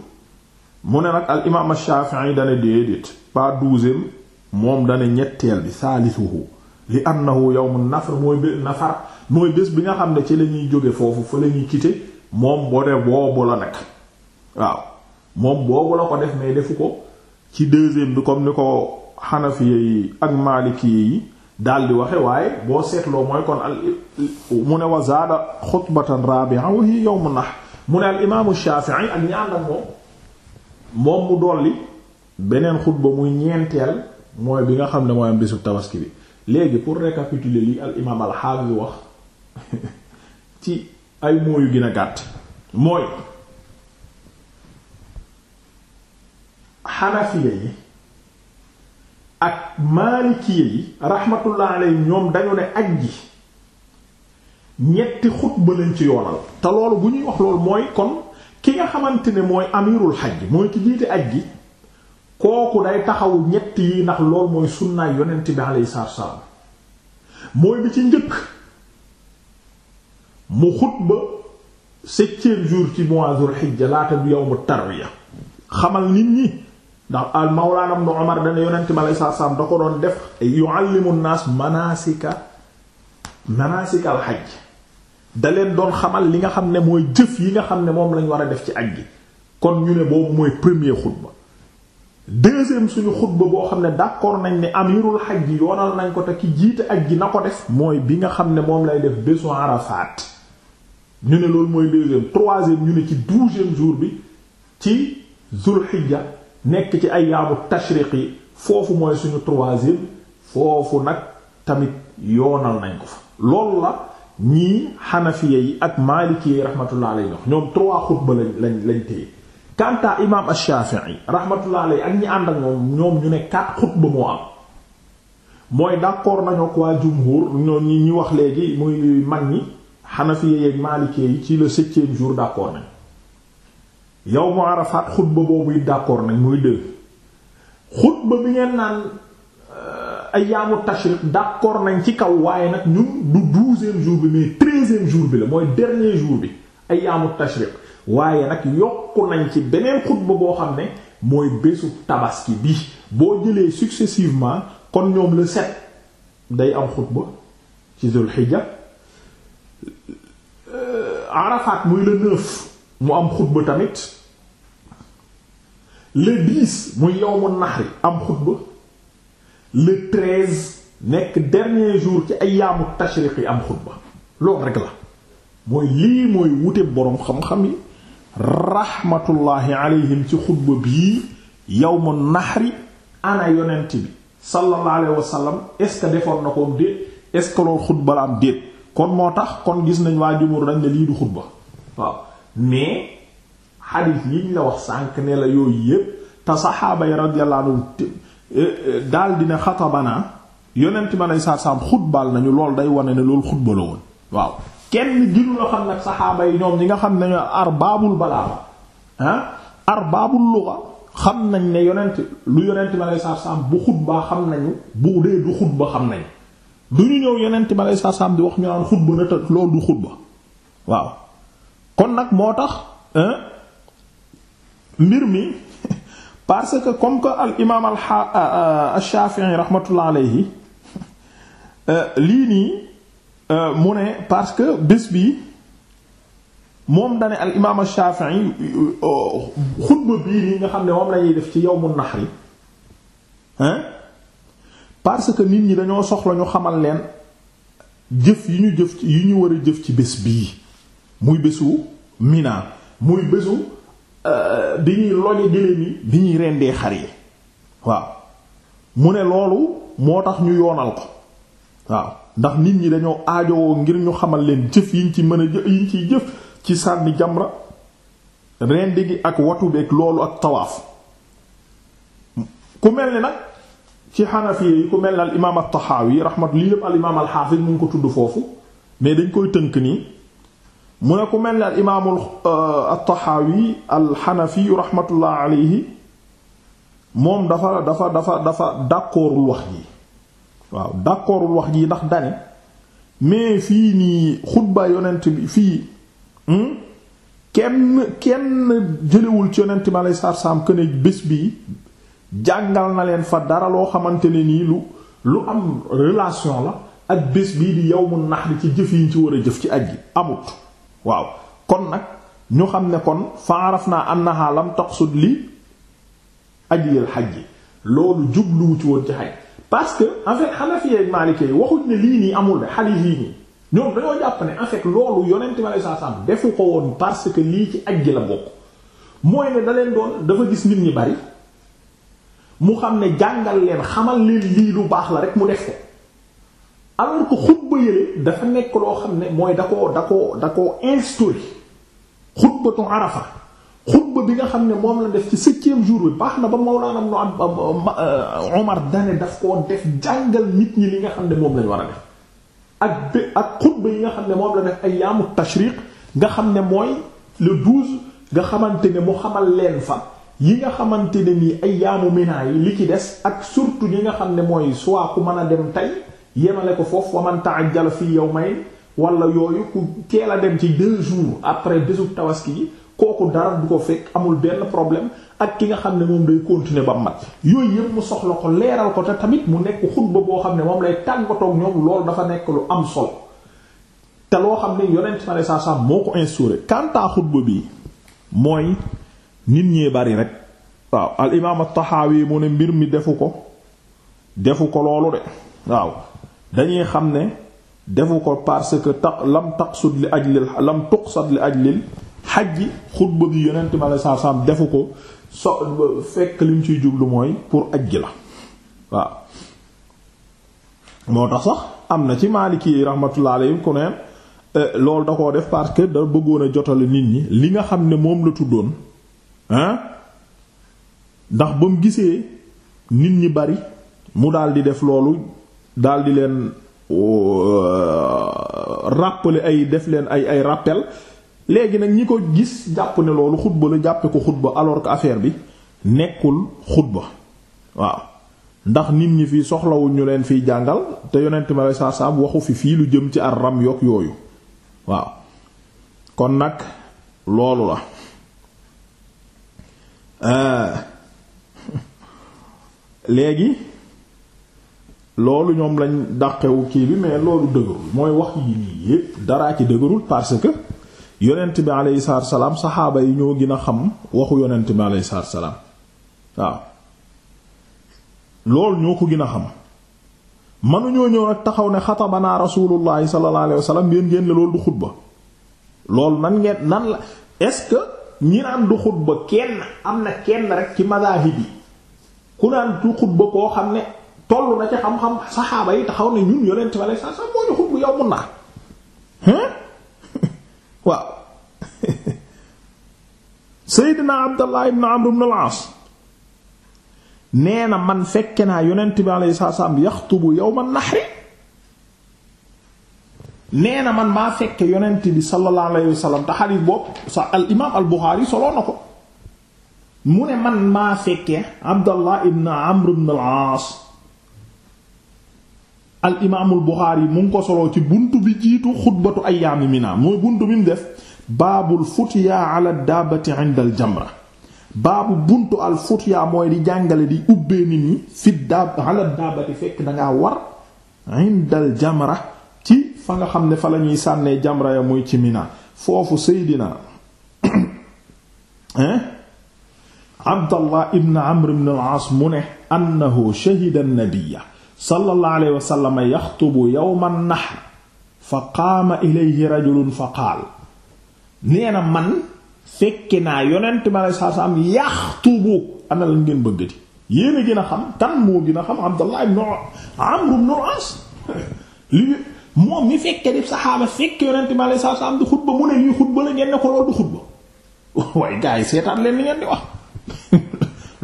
mu ne nag al imaam Shaafi'i dana déedéet pas douzième moom dana ñetteel bi saalisuhu li annahu yawmun nafr mooy bés nafar mooy bés bi nga xam ne ci lañuy ñuy jóge foofu fa la ñuy quitter moom boo dee boobu la nag waaw moom boobu la ko def mais defu ko ci deuxième bi comme ni ko xanafiya yi ak maaliki yi daal di waxe waaye boo seetloo mooy kon al mu ne wa zaada xutbatan rabi'a wa hiya yawmun nahr mu ne al imaamu Shaafi'i ak ñaar moom. moom mu dolli beneen xutba muy ñeenteel mooy bi nga xam ne mooy am bisu tabaski bi léegi pour récapituler li al imaam al xaafis wax [laughs] ci ay mooyu gën a gàtt mooy xanafiya yi ak maalikiya yi rahmatullah alayhim ñoom dañu ne aj ji ñetti xutba lañ ci yoonal te loolu bu ñuy wax loolu mooy kon ki nga xamante ne mooy amirul xaj mooy ki jiite aj gi kooku day taxaw ñett yi ndax lool mooy sunnaay yonent bi alayhi salaatu wassalaam mooy bi ci njëkk mu xutba septième jour ci mois Zul Hijja laata bi yawmu tarwiya xamal nit ñi ndax al mawlaana ibn Umar dana yonent bi alayhi salaatu wassalaam da ko doon def yu'allimu naas manaasika manaasikal xaj da leen doon xamal li nga xam ne mooy jëf yi nga xam ne moom lañ war a def ci ak gi kon ñu ne boobu mooy premier xutba deuxième suñu xutba boo xam ne d'accord nañ ne amirul xaj ji yoonal nañ ko te ki jiite ak gi na ko def mooy bi nga xam ne moom lay def bésu Arafat ñu ne loolu mooy deuxième troisième ñu ne ci douzième jour bi ci zulxijja nekk ci ayaamu tashriq yi foofu mooy suñu troisième foofu nag tamit yoonal nañ ko fa loolu la ñii xanafiya yi ak maaliki yi rahmatullah alayhi ñoom trois xutba lañ lañ lañ téye imaam ash-Shafi'i rahmatullah alayhi ak ñi ànd ak moom ñoom ñu ne quatre xutba moo am mooy d'accord nañu ko waa jumhur ñoo ñu wax léegi muy mag ñi xanafiya yi ak maaliki yi ci le septième jour d'accord nañ yawmu Arafat xutba boobu d'accord nañ muy dëgg xutba bi ngeen naan ayyaamu tashriq d'accord nañ ci kaw waaye nag ñun du douzième jour bi mais treizième jour bi la mooy dernier jour bi ayyaamu tashriq waaye nag yokku nañ ci beneen xutba boo xam ne mooy bésu tabaski bi boo jëlee successivement kon ñoom le sept day am xutba ci zul xijja euh, Arafat muy le neuf mu am xutba tamit le dix muy yawmu naxri am xutba le nekk dernier jour ci ay yaamu tashriq yi am xutba loolu rek la mooy lii mooy wute boroom xam-xam yi rahmatullahi alayhim ci xutba bii yawmu naxri ana yonent bi sallallahu alayhi wa sallam est-ce que defoon na koom déet est loolu xutba la am déet kon moo tax kon gis nañ waa jumur dañ ne lii du xutba waaw mais xadiis yiñ la wax sànq ne la yooyu yépp te saxaaba yi radiyallahu anhu Eh, eh, daal di ne xatabanaa yonent ma lay saa saam xutbal nañu lool day wane ne loolu xutba la woon waaw kenn ginu la xam nag saxaaba yi ñoom ñi nga xam ne ñoo arbaabul balaaga ah arbaabul luga xam nañ ne yonent lu yonent ma lay saa saam bu xutbaa xam nañu bu dee du xutba xam nañ du ñu ñëw yonent ma lay saa saam di wax ñu naan xutba na te lool du xutba waaw kon nag moo tax eh, mbir mi. parce que comme que al imaam al euh, euh, Shafi'i rahmatullah alayhi [laughs] euh, lii nii mu ne parce que bés bi moom dane al imaam al Shafi'i xutba bii nii nga xam ne moom lañuy def ci yawmu nahri hein parce que nit ñi dañoo soxla ñu xamal leen jëf yi ñu jëf yi ñu war a jëf ci bés bii muy bésu Mina muy bésu Euh, bi ñuy loje gëléem yi bi ñuy rendee xar yi waaw mu ne loolu moo tax ñu yoonal ko waaw ndax nit ñi dañoo aajowoo ngir ñu xamal leen jëf yiñ ci mën a jëf yiñ ci sànni jamra rendi gi ak watu beeg loolu ak tawaaf ku mel ni nag ci xanafi yi ku mel ni al imaam at-Taxaawi rahmat lii yépp al imaam al ko tudd foofu mais dañ koy tënk nii mu ne ku mel ne al imaamu euh, at-Tahawi al-Hanafi rahmatullah alayhi moom dafa dafa dafa dafa d'accordul wax ji waaw d'accordul wax ji ndax dane mais fii nii xutba yonent bi fii hmm? kenn kenn jëlewul ci yonent bi alayhi salaatu salaam këne bés bi jàngal na leen fa dara loo xamante ne nii lu lu am relation la ak bés bii di yawmu nahr ci jëf yi ñu ci war a jëf ci aj yi amut waaw kon nag ñu xam ne kon faaraf naa annaha lam taqsud li ajiyal xaj yi loolu jubluwu ci woon ci xaj parce que en fait xanafiya ak maalikee waxuñ ne lii nii amul de xadiis yii nii ñoom dañoo jàpp ne en loolu yonent bi aleyhi salaam defu ko woon parce que lii ci ajj la bokk mooy ne da doon dafa gis nit ñi bari mu xam ne jàngal leen xamal leen lii lu baax la rek mu def ko alors que xutba dafa nekk loo xam ne mooy da koo da koo da koo instauré xutbatu arafa xutba bi nga xam ne moom la def ci septième jour bi baax na ba Mawlana nu am Omar dane daf koo def jàngal nit ñi li nga xam ne moom lañ war a def ak b xutba yi nga xam ne moom la def ay yaamu tashriq nga xam ne mooy le douze nga xamante ne mu xamal leen fa yi nga xamante ne nii ay yaamu minaa yi li ci des ak surtout yi nga xam ne mooy soit ku mën a dem tey yemale ko foofu wa man ta'ajjala fii yawmayn wala yooyu ku teel a dem ci deux jours après bésu tabaski yi kooku dara du ko fekk amul benn problème ak ki nga xam ne moom day continuer ba mat yooyu yëpp mu soxla ko leeral ko te tamit mu nekk xutba boo xam ne moom lay tàngatoog ñoom loolu dafa nekk lu am solo te loo xam ne yonent na saa saa moo ko instauré quant à xutba bi mooy nit ñee bari rek waaw al imaam at mu ne mbir mi defu ko defu ko loolu de dañuy xam ne defu ko parce que taq lam taqsud li ajlil lam tuqsad li ajlil xajji xutba bi yonent mi aleyhi salaatu salaam defu ko so fekk lim ciy jublu mooy pour aj gi la waaw moo tax sax am na ci maaliki yi rahmatullah alayhi ku neen eh, loolu da koo def parce que da bëggoon a jotale nit ñi li nga xam ne moom la tuddoon hein ndax ba mu gisee nit ñi bari mu di def loolu daldi leen euh, rappeler ay def leen ay ay rappel léegi nag ñi ko gis jàpp ne loolu xutba la jàppe ko xutba alors que affaire bi nekkul xutba waaw ndax nit ñi fii soxlawuñu leen fiy jàngal te yonent ma lay saa waxu fi fii lu jëm ci ar ram yokk yooyu waaw kon nag loolu la euh. [laughs] léegi loolu ñoom lañ dàqewu kii bi mais loolu dëgërul mooy wax yi nii yépp daraa ci dëgërul parce que yonent bi sa salaatu salaam saxaaba yi ñoo gin a xam waxu yonent bi sa salaatu salaam waaw loolu ñoo ko gin a xam mënuñoo ñëw nag taxaw ne xatabanaa rasuulullahi sallallahu alayhi wasallam yéen ngeen la loolu du xutba loolu nan ngeen nan la est-ce que ñi naan du xutba kenn am na kenn rek ci madahib yi ku naan du xutba koo xam ne. toll na ci xam-xam saxaaba yi taxaw ne ñun yonent ma sax moo ñu xutbu [laughs] waaw [laughs] Seydina Abdallah ibn Amr ibn na man fekke naa yonent bi alayhi salaam yaxtubu yawma nahri nee na man maa fekke yonent bi sallallahu alayhi wa sallam mu ne man maa fekke Abdallah ibn Amr ibn al-As al imaamul Buxaari mu ngi ko soloo ci buntu bi jiitu xutbatu ayyaami mina mooy buntu bi mu def baabul baabu al futyaa mooy di jàngale di ubbee nit ñi fi daab ala daabati fekk dangaa war al jamra ci fa nga xam ne fa lañuy sànnee jamra ya muy ci mina foofu seydina [coughs] Abdallah ibn Amr ibn al-As mu ne annahu shahida an-nabiyya sallallahu alayhi wa sallam yaxtubu yawma nahr fa qaama ilayhi rajulun fa qaal nee na man fekke naa yonent ma lay saa saa yaxtubu ana ngeen bëgg yéen a gën a xam tan moo gën a xam Abdallah ibn Amr ibn al-As ma saa saa am di xutba mu ne lii xutba la ngeen ne ko loolu du xutba [laughs] waaye gars yi seetaan leen li ngeen di wax [laughs]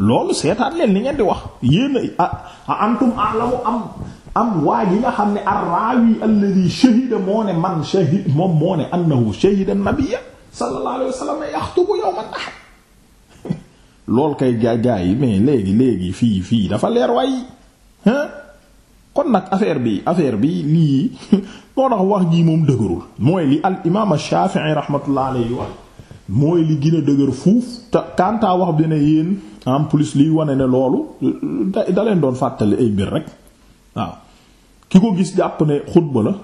loolu seetaan leen li ngeen di wax yéen a antum a'lamu am am waa nga xam ne ar-rawi alladhi shahida moo ne man shahid moom moo ne annahu shahida an-nabiyya sallallahu alayhi wa sallam yaxtubu [laughs] loolu kay gaa gaa yi mais léegi léegi fii fii dafa leer waaye kon nag affaire bi affaire bi lii [laughs] moo tax wax jii moom dëgërul mooy li al imaam Shaafi'i rahmatullah mooy li gën a dëgër fuuf te kantaa wax dina yéen en plus liy wane ne loolu da leen doon fàttali ay biir rek waaw ki ko gis jàpp ne xutba la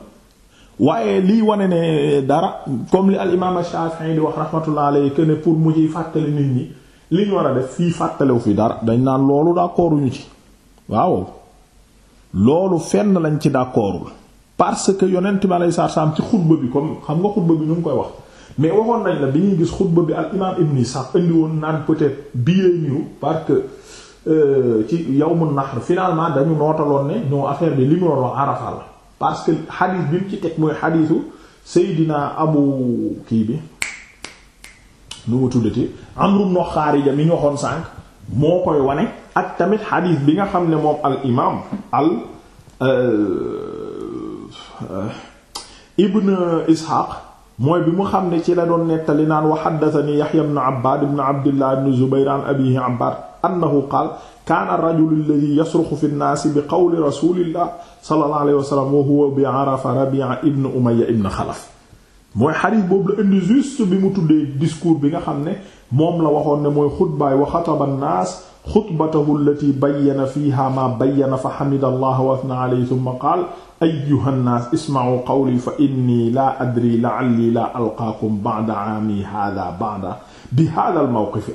waaye liy wane ne dara comme li al imaam Shafi'i di wax rahmatullah alayhi que ne pour mu ciy fàttali nit ñi li war a def fii fàttalewu fi dara dañ naan loolu d'accorduñu ci waaw loolu fenn lañ ci d'accordul parce que yonent bi alayhi salaam ci xutba bi comme xam nga xutba bi ñu ngi koy wax. mais waxoon nañ la bi ñuy gis xutba bi al imam ibn Sa'd woon naan peut-être biee parce que euh, ci yawmun nahr finalement dañu nootaloon ne ñoo affaire bi li mu doon wax Arafa la parce que xadiis bi mu ci teg mooy xadiisu Seydina Abu kii bi nu mu tuddati Amru ibn Xaarija mi ñu waxoon sànq moo koy wane ak tamit xadiis bi nga xam ne moom al imam al euh, euh, Ishaq mooy bi mu xam ne ci la doon nettali naan wa xaddatani yaxya ibn abbad ibn abdillah ibn zubayr an abihi abbad annahu qaal kaana rajul alladi yasruxu fi nnaasi bi qawli rasulillah sallallahu alayhi wa sallam wa huwa bi arafa rabia ibn umaya ibn xalaf mooy xadiis boobu la indi juste bi mu tuddee discours bi nga xam ne moom la waxoon ne mooy xutbaay wa xataba nnaas xutbatahu allati bayyana fiha ma bayyana fa xamida allah wa athna alayhi thumma qaal ayyuha nnaas isma'u qawli fa inni laa adri la'alli laa alqaakum ba'da 'aami haadaa ba'da bi haadaa al-mawqifi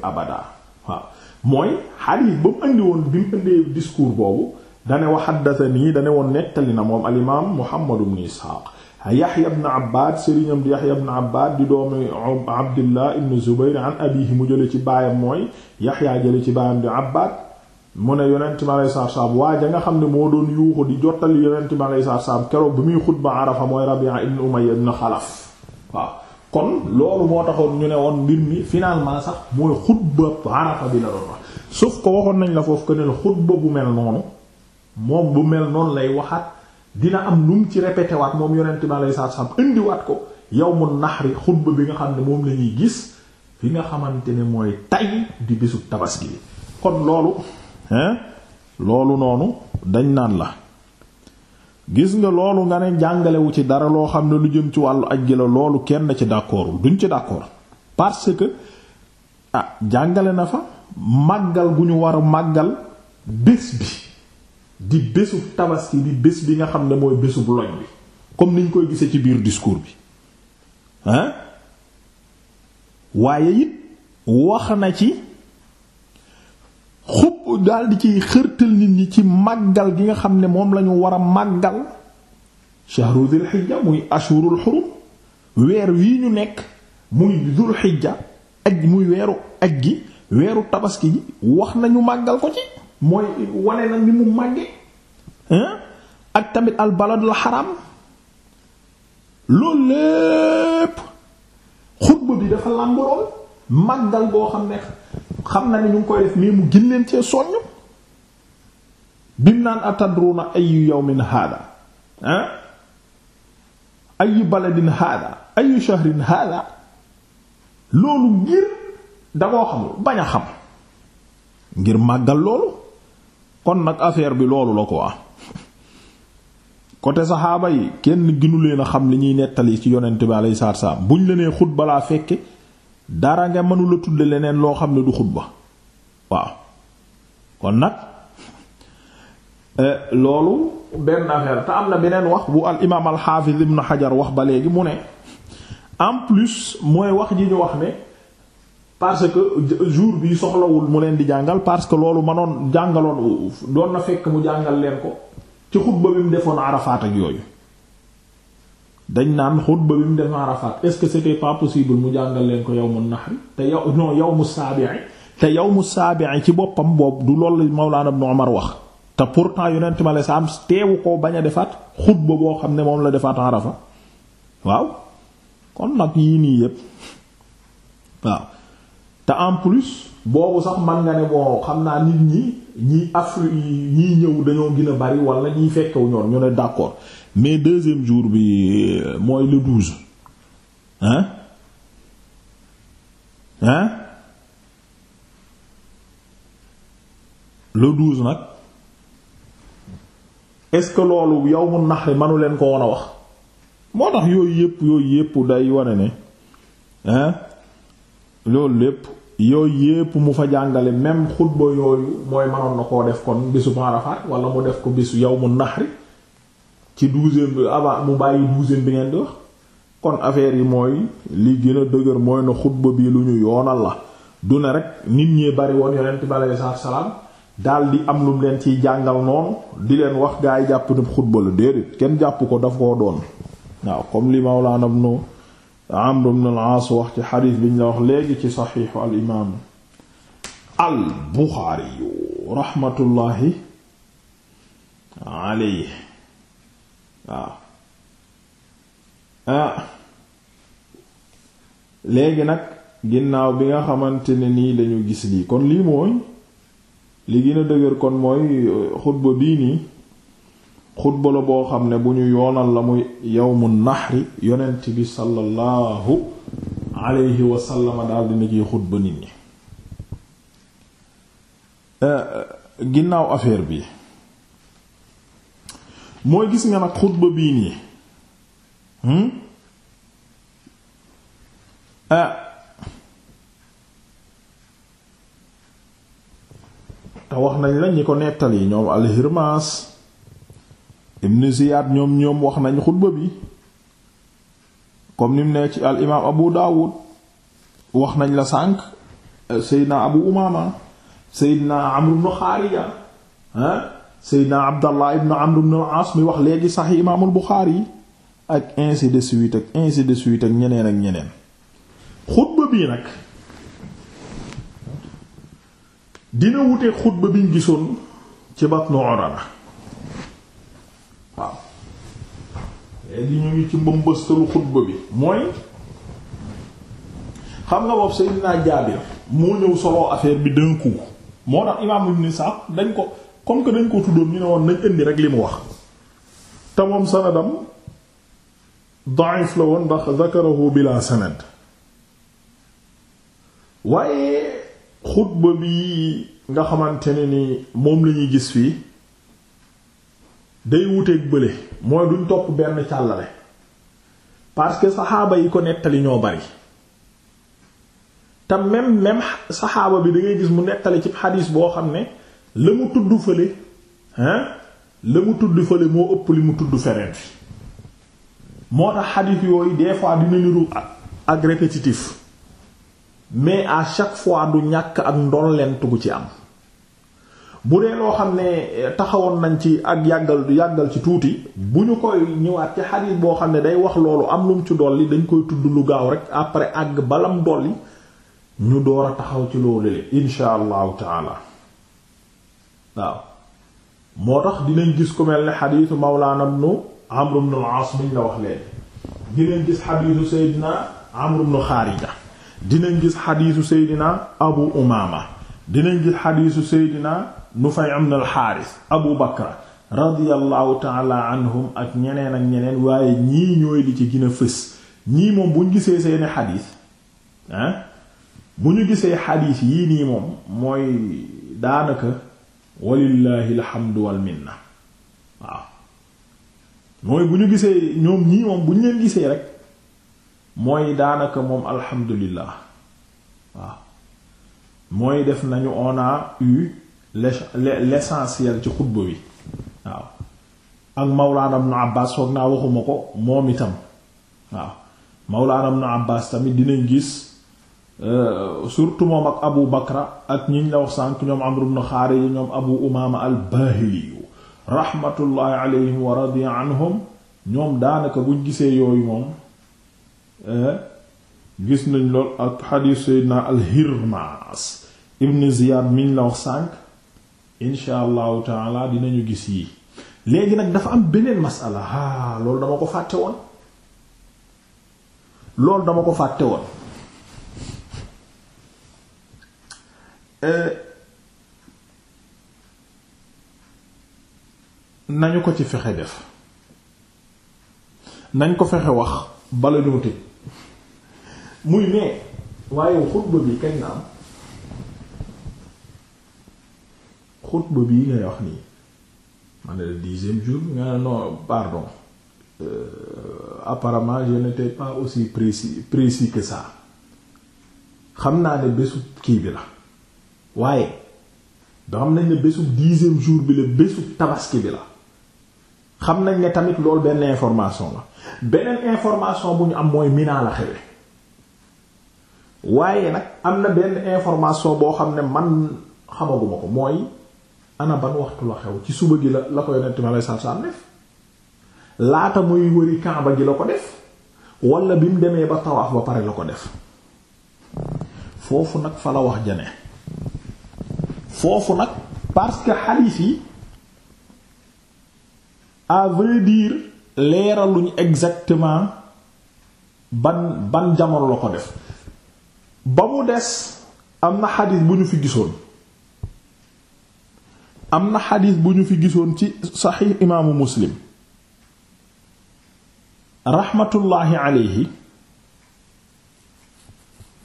mooy xadiis ba mu andi woon bi mu andee discours boobu dane wa haddathanii dane woon nettali na moom alimaam mu ibn Isxaaq Yaxya ibn Abbaad sëriñam di Yaxya ibn Abbaad di doomi Abdullah ibn Zubayr an abiihi mu jële ci baayam mooy Yaxya jële ci baayam di Abbaad mu ne yonent mi alayhi salaatu salaam waa nga xam ne moo doon yuuxu di jottali yonent mi alayhi salaatu salaam keroog bi muy xutba Arafa mooy Rabi'a ibn Umayya ibn Xalaf waaw kon loolu moo taxoon ñu ne woon mbir mi finalement sax mooy xutba Arafa bi la doon nañ la foofu que ne xutba bu mel noonu moom bu mel noonu lay waxaat dina am lu ci répété waat moom yonent mi alayhi salaatu salaam indiwaat ko yawmu nahri xutba bi nga xam ne moom la gis fi nga xamante ne mooy tay di bésu tabaski kon loolu. loolu noonu dañ naan la gis nga loolu nga ne jàngalewu ci dara loo xam ne lu jëm ci wàllu ak gi la loolu kenn ci d'accordul duñ ci d'accord parce que ah, jàngale na fa màggal gu ñu war màggal bés bi di bésub tabaski bi bés bi nga xam ne mooy bésub loñ bi comme niñ koy gisee ci biir discours bi waaye it wax na ci xub daldi di ciy xërtal nit ñi ci màggal gi nga xam ne moom lañu war a màggal shahru dhul hijja muy ashurul xurum weer wi ñu nekk muy dhul hijja aj muy weeru aj gi weeru tabaski gi wax nañu màggal ko ci mooy wane na ni mu màgge ak tamit al la xaram loolu lépp xutba bi dafa làmbulool màggal boo xam ne xam na ni ñu ngi koy def mais mu gën leen cee soññ bim naan atadruna ayu yawmin hada ah ayu baladin hada ayu shahrin hada loolu ngir dangoo xamul bañ a xam ngir màggal loolu kon nag affaire bi loolu la ko waa côté saxaaba yi kenn ginu leen a xam li ñuy nettali ci yonent bi alayhi salaam buñ la nee xutba balaa fekke dara nga mënula tudde leneen loo xam ne du xutba waaw kon nag euh, loolu benn affaire te am na beneen wax bu al imaam al xaafiz ibn xajar wax ba léegi mu ne en plus mooy wax ji ñu wax ne parce que jour bi soxlawul mu leen di jàngal parce que loolu mënoon jàngaloon doon na fekk mu jàngal leen ko ci xutba bi mu defoon arafaat ak yooyu dañ naan xutba bi mu def Arafat est-ce que c'était pas possible mu jàngal leen ko yow yawmu nahri te yow mu yawmu saabi'i te yawmu saabi'i ci boppam boobu du loolu Mawlana Ibn Umar wax te pourtant yonent ma la saam teewu koo bañ a defaat xutba boo xam ne moom la defaat Arafa waaw kon nag yii nii yépp waaw te en plus boobu sax man nga ne boo xam naa nit ñi ñi afri ñiy ñëw dañoo gën a bari wala ñiy fekkewu ñoon ñu ne d'accord mais deuxième jour bi euh, mooy le douze hein hein nag est-ce que loolu nax naxri manu leen ko woon a wax moo tax yooyu yépp yooyu yépp day wane ne hein loolu lépp yooyu yépp mu fa jàngale même xutba yooyu mooy manoon na koo def kon bisu Arafat wala mu def ko bisu nax naxri ci douzième bi avant ah mu bàyyi douzième bi ngeen di wax kon affaire yi mooy li gën a dëgër mooy na xutba bi lu ñu yoonal la du ne rek nit ñi bari woon yonent bi aleyhi salaatu salaam daal di am lum leen ciy jàngal noonu di leen wax gaa yi jàpp ne xutba la déedéet kenn jàpp ko daf koo doon waaw comme li Mawlaana ibnu Amr ibn al-Aas wax ci xadiis bi ñu la wax léegi ci saxiixu al imaam al Buxaari rahmatullahi aleyhi waaw ah. léegi nag ginnaaw bi nga xamante ne nii lañu gis lii kon lii mooy li gën a dëgër kon mooy euh, xutba bii nii xutba la boo xam ne bu ñu yoonal la muy yawmu naxri yonent bi sallallahu alayhi wasallama daal dina ciy xutba nit ñi euh, euh, ginnaaw affaire bi mooy gis nga nag xutba bii nii hmm? ah. te wax nañ la ñi ko nettali ñoom al-Hirmas ibn Ziyad ñoom ñoom wax nañ xutba bi comme ni mu ne ci al imaam Abu Dawud wax nañ la sànq eh, Seydina Abu Umama Seydina Amr ibn Kharija ah, seydna abdallah ibn amr ibn as mi wax léegi sax imaamul buxaari yi ak ainsi de suite ak ainsi de suite ak ñeneen ak ñeneen xutba bii nag dina wute xutba biñ gisoon ci batnu urana waaw léegi ñu ngi ci mbëmbëstalu xutba bi mooy xam nga boobu seydna jaabir moo ñëw solo affaire bi d'un coup moo tax imaam ibn sa'd dañ ko comme que dañ ko tuddoon ñu ne woon nañ indi rek li mu wax te moom sanadam da'if la woon ndax zakarahu bila sanad waaye xutba bi nga xamante ne ni moom lañuy gis fii day wuteeg bële mooy duñ topp benn càllale parce que saxaaba yi ko nettali ñoo bari te même même saxaaba bi da ngay gis mu nettali ci xadiis boo xam ne la mu tudd fële hein la mu tudd fële moo ëpp li mu tudd feneen fi moo tax xadiis yooyu des fois dina niru ak répétitif mais à chaque fois du ñàkk ak ndolleent gu ci am bu dee loo xam ne eh, taxawoon nañ ci ak yàggal du yàggal ci tuuti bu ñu koy ñëwaat ci xadiis boo xam ne day wax loolu am lum ci dolli dañ koy tudd lu gaaw rek après àgg balam dolli ñu door a taxaw ci loolu le insha allahu taala waaw moo tax dinañ gis ku mel ni xadiisu Mawlaana ibnu Amr ibnu al-Aas biñ la wax léegi dinañ gis xadiisu Seydina Amr ibnu Xaarija dinañ gis xadiisu Seydina Abu Umaama dinañ gis xadiisu Seydina Nufay ibnu al-Xaaris Abu Bakra radiyallahu taala anhum ak ñeneen ak ñeneen waaye ñii ñooy li ci gën a fës ñii moom bu ñu gisee seeni xadiis ah bu ñu gisee xadiis yii nii moom mooy daanaka walillahi alhamdu wal minna waaw mooy bu ñu gisee ñoom ñii moom bu ñu leen gisee rek mooy daanaka moom alhamdulillah waaw mooy def nañu on a eu l'essentiel ci xutba wi waaw ak Mawlaana Ibnu Abbaas foog naa waxuma ko moom itam waaw Mawlaana Ibnu Abbaas tamit dinañ gis Euh, surtout moom ak abu bakra ak ñu la wax sànk ñoom amru ibn xaarij ñoom abu umaama al bahili rahmatullahi alayhim wa radiya anhum ñoom daanaka buñ gisee yooyu moom euh, gis nañ lool ak xadiis seydina al hirmaas ibn ziyaad miñ la wax sànk insha allahu dinañu gis yi léegi nag dafa am beneen masala haa loolu dama ko fàtte woon loolu dama ko fàtte woon Euh, nañu ko ci fexe def nañ ko fexe wax bala ñoo tëj muy nee waaye xutba bi kañ am xutba bii ngay wax nii ma ne le dixième jour nga non pardon euh, apparemment je n'étais pas aussi précis précis que ça xam naa ne bésu kii bi la waaye da xam nañ ne bésub dixième jour bi la bésub tabaski bi la xam nañ ne tamit loolu benn information la beneen information bu ñu am mooy Mina la xewe waaye nag am na benn information boo xam ne man xamaguma ko mooy ana ban waxtu la xew ci suba gi la la ko yonent mi alayhi salaatu salaam def laata muy wëri Kaaba gi la ko def walla bi mu demee ba tawaaf ba pare la ko def foofu nag fa la wax jane foofu nag parce que xadiis yi à vrai dire leeraluñ exactement ban ban jamono la ko def ba mu des am na xadiis bu ñu fi gisoon am na xadiis bu ñu fi gisoon ci saxiix imaamu muslim raxmatullaahi aleyhi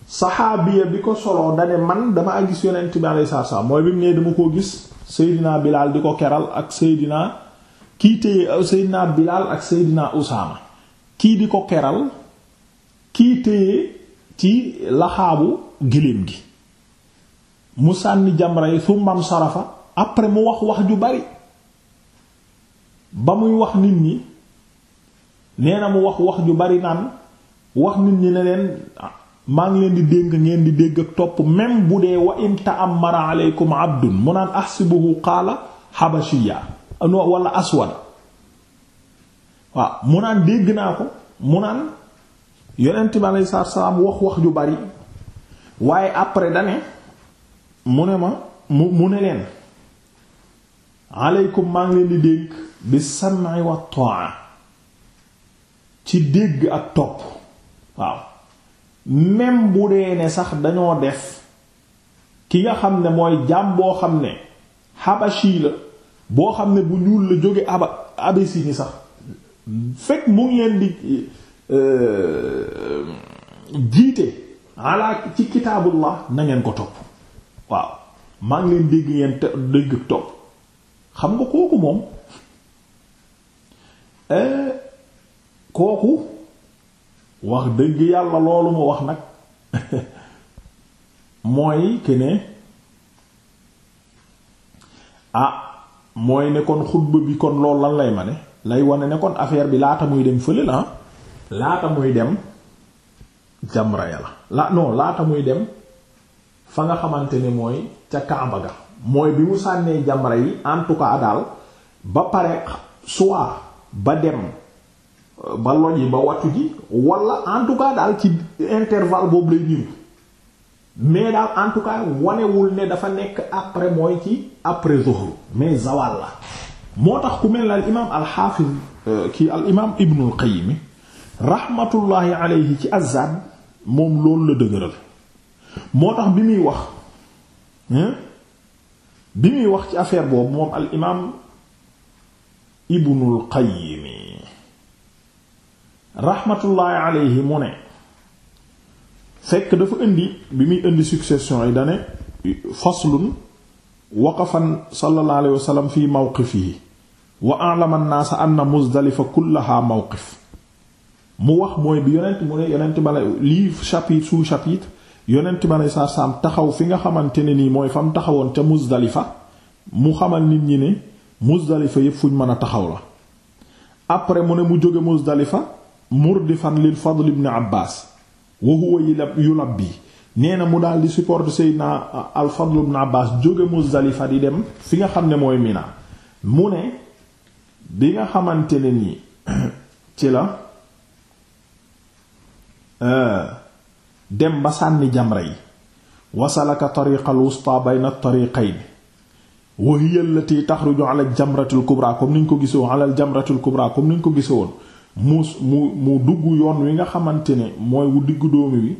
saxaabiya bi ko soloo dane man dama gis yonent bi alayhi salaatu salaam mooy bi mu ne dama koo gis Seydina Bilaal di ko keral ak Seydina kii téye euh, Seydina Bilaal ak Seydina Usaama kii di ko keral kii téye ci laxaabu giléem gi mu sànni jamra yi summam sarafa après mu wax wax ju bari ba muy wax nit ñi nee na mu wax wax ju bari naan wax nit ñi ne leen maa ngi leen di dénk ngeen di dégg ak topp même bu dee wa in ta'ammara aleykum abdun mu naan ahsibuhu qaala habashiya wala aswada waaw mu naan dégg naa ko mu naan yonent bi aleyhi salaatu wax ju bari waaye après dane ma mu mu ne leen aleykum maa ngi leen di dénk bi sam'i wa ta'a ci dégg ak topp waaw même bu dee ne sax dañoo def ki nga xam ne mooy jaam boo xam ne habashi la boo xam ne bu ñuul la jóge aba abesini sax fekk mu ngi leen di euh, jiite ala ci kitaabullah na ngeen ko topp waaw maa leen dégg ngeen topp xam nga kooku moom euh, kooku wax dëgg yàlla loolu mu wax nag [laughs] mooy ke ne ah mooy ne kon xutba bi kon lool lan lay ma ne lay wane ne kon affaire bi laata muy dem fële la laata muy dem jamra ya la la non laata muy dem fa nga xamante ne mooy ca Kaaba ga mooy bi mu sànnee jamra yi en tout cas ba pare soit ba dem ba loj yi ba wattu ji wala en tout cas daal ci intervalle boobu lay niru mais daal en tout cas wanewul ne dafa nekk après mooy ci après zuhr mais zawal la moo tax ku mel na al imaam al xaafiz euh, kii al imaam Ibnul Qayyim rahmatullahi alayhi ci azad moom loolu la dëgëral moo tax bi muy wax bi muy wax ci affaire boobu moom al imaam Ibnul Qayyim. raxmatullaahi alayhi mu ne fekk dafa indi bi muy indi succession yi dane faslun waqafan sallallahu alayhi fii sallam fi mawqifihi wa a'lama an-naasa anna Muzdalifa kullaha mawqif mu wax mooy bi yonent mu ne yonent ba lii chapitre sous chapitre yonent ba ne saa saam taxaw fi nga xamante ne nii mooy fa mu taxawoon ca Muzdalifa mu xamal nit ñi ne Muzdalifa yépp fu ñu mën a taxaw la après mu ne mu jóge Muzdalifa murdifan lil fadl ibn abbas wa huwa yulabbi nee na mu daldi di supporter seydna al fadl ibn abbas jóge Muzdalifa di dem fi nga xam ne mooy Mina mu ne bi nga xamante ne ni [clears throat] ci la euh, dem ba sànni jamra yi wasalaka tariqa al wusta bayna tariqayn wa hiya allati taxruju ala al jamratil kubra comme niñ ko gise woon ala al jamratil kubra ko gise woon mu mu mu dugg yoon wi nga xamante ne mooy wu diggu doomi wi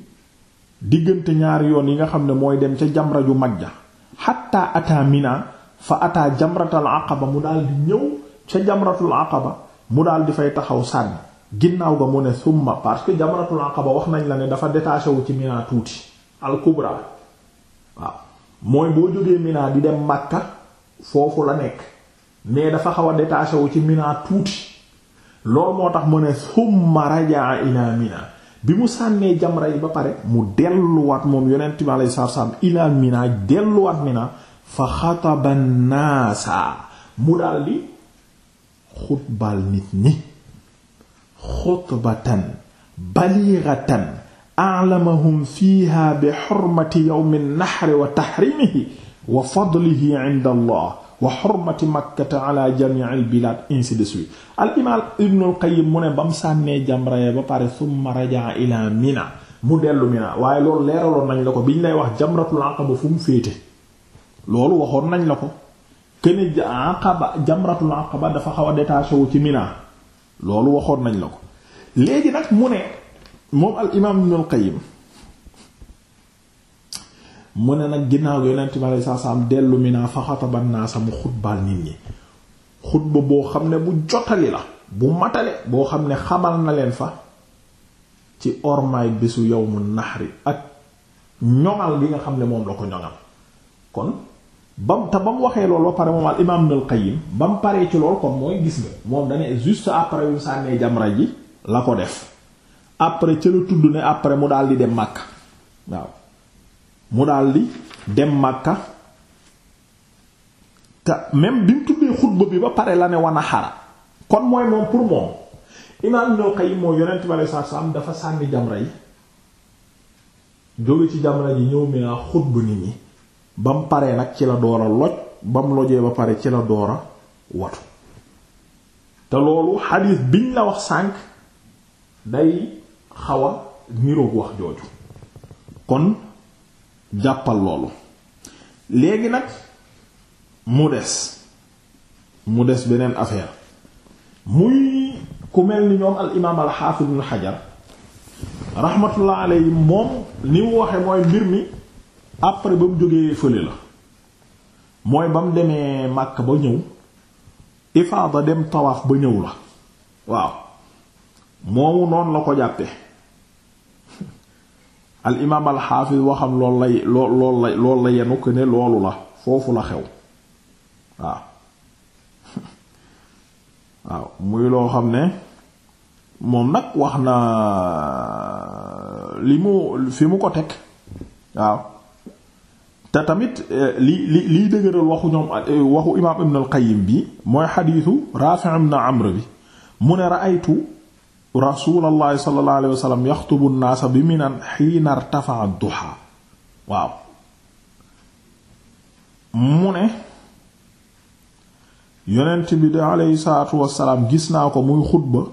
diggante ñaari yoon yi nga xam ne mooy dem ca jamra ju mag ja xatta ata mina fa ata jamratul aqaba mu daal di ñëw ca jamratul aqaba mu daal di fay taxaw sànni ginnaaw ga mu ne summa parce que jamratul aqaba wax nañ la ne dafa détaché wu ci mina tuuti al kubra waaw mooy boo jógee mina di dem màkka foofu la nekk mais dafa xaw a détaché wu ci mina tuuti loolu moo tax mu ne summa rajaa ila mina bi mu sànnee jamra yi ba pare mu delluwaat moom yonent bi alayhi salaatu salaam ila mina delluwaat mina fa xataba naasa mu daldi xutbal nit ñi xutbatan balighatan a'lamahum fiha bi hurmati yawmi an-nahri wa tahrimihi wa fadlihi Allah wa xormati makkata ala jamii al bilaad ainsi de suite al imaam ibnul qayyim mu ne ba mu sànnee jamraya ba pare summa rajaa ila mina mu dellu mina waaye loolu leeraloon nañ la ko biñ lay wax jamratul aqaba fu mu féete loolu waxoon nañ la ko kene aqaba jamratul aqaba dafa xaw a détaché wu ci mina loolu waxoon nañ la ko léegi nag mu ne moom al imaam ibnul qayyim mu ne nag ginnaaw yonent mi aleyhi salaatu salaam dellu Mina fa xataba an-naasa mu xutbaal nit ñi xutba boo xam ne bu jotali la bu matale boo xam ne xamal na leen fa ci ormaay bésu yawmu naxri ak ñoŋal bi nga xam ne moom la ko ñoŋal kon bam te ba mu waxee loolu ba pare moom al imaam Ibnul Qayyim ba mu paree ci loolu kon mooy gis nga moom dane juste après yu sànnee jamra ji la ko def après ca la tudd ne après mu daal di dem Makka waaw mu daldi dem Makka te même bi mu tuddee xutba bi ba pare la ne wan a kon mooy moom pour moom imaam Ibn Qayyim moo yonent bi alayhi salaatu salaam dafa sànni jamra yi jóge ci jamra ji ñëw mi naa xutba nit ñi ba mu paree nag ci la door loj ba mu lojee ba pare ci la doora a watu te loolu xadiis biñ la wax sànq day xaw a niroog wax jooju kon jàppal loolu léegi nag mu des mu des beneen affaire muy ku mel ni ñoom al imaam al xaafis ibn xajar rahmatullah moom ni mu waxe mooy mbir mi après ba mu jógee fële la mooy ba mu demee màkk ba ñëw ifaada dem tawaaf ba ñëw la waaw moomu noonu la ko jàppe al imaam al xaafis waxam lool lay lool la lool la yenu ko ne loolu la foofu la xew waaw [laughs] waaw muy loo xam ne moom nag wax na li mu fi mu ko teg waaw te tamit eh, li li liy dëgëral waxu ñoom eh, waxu imaam ibn al bi mooy xadiisu raafi ibn amr bi mu ne ra'aytu rasuulallahi sallallahu alayhi wa sallam yaxtubu naasa bi minan xiina irtafa'a duha waaw mu ne yonent bi de alayhi salaatu wassalaam gis naa ko muy xutba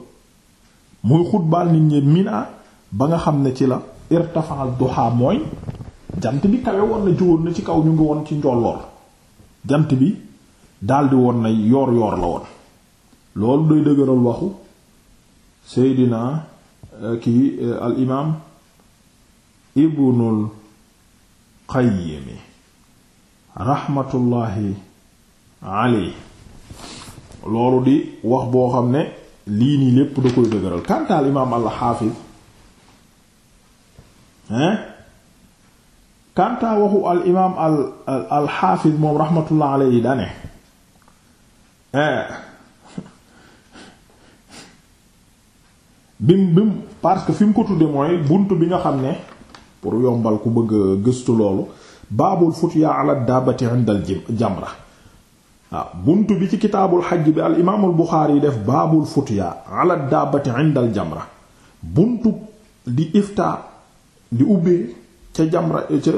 muy xutbaal nit ñi mina ba nga xam ne ci la irtafa'a duha mooy jant bi kawe woon na jógoon na ci kaw ñu ngi woon ci njolloor jant bi daldi woon na yoor yoor la woon loolu day dëgëral waxu seydina eh, kii eh, al imaam ibnul qayyimi raxmatullaahi aley loolu di wax boo xam ne lii nii lépp da koy dëgëral kantaal imaam al xaafiz hein kantaa waxu al imaam al al xaafiz moom raxmatullaahi aley dane eh, bim bim parce que fi mu ko tudde mooy bunt bi nga xam ne pour yombal ku bëgg gëstu loolu baabul futya ala dabati inda al jamra bi ci kitaabul xajj bi al imaamul buxaari yi def baabul futya ala dabati inda al jamra buntu di ifta di ubbee ca jamra ca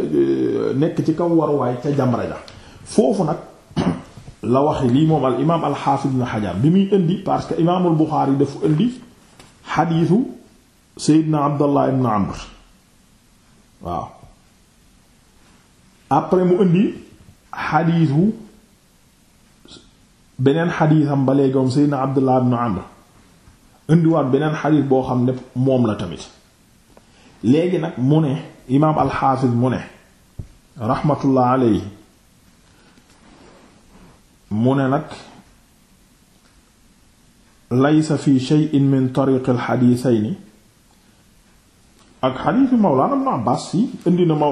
nekk ci kaw waruwaay ca jamra ja foofu nag la waxe lii moom al imaam al xaafid ibn xajar bi muy indi parce que imaamul buxaari dafa indi xadiisu seydna abdallah ibn amr waaw après mu indi xadiisu beneen xadiisam ba léegi moom seydna abdallah ibn amr indiwaat beneen xadiis boo xam ne moom la tamit léegi nag mu ne imaam alxaafiz mu ne raxmatullah alayhi mu ne nag laysa fi shay'in min tariq al xadiisayni ak xadiisu mawlaana ibnu abbaas fii indi na ma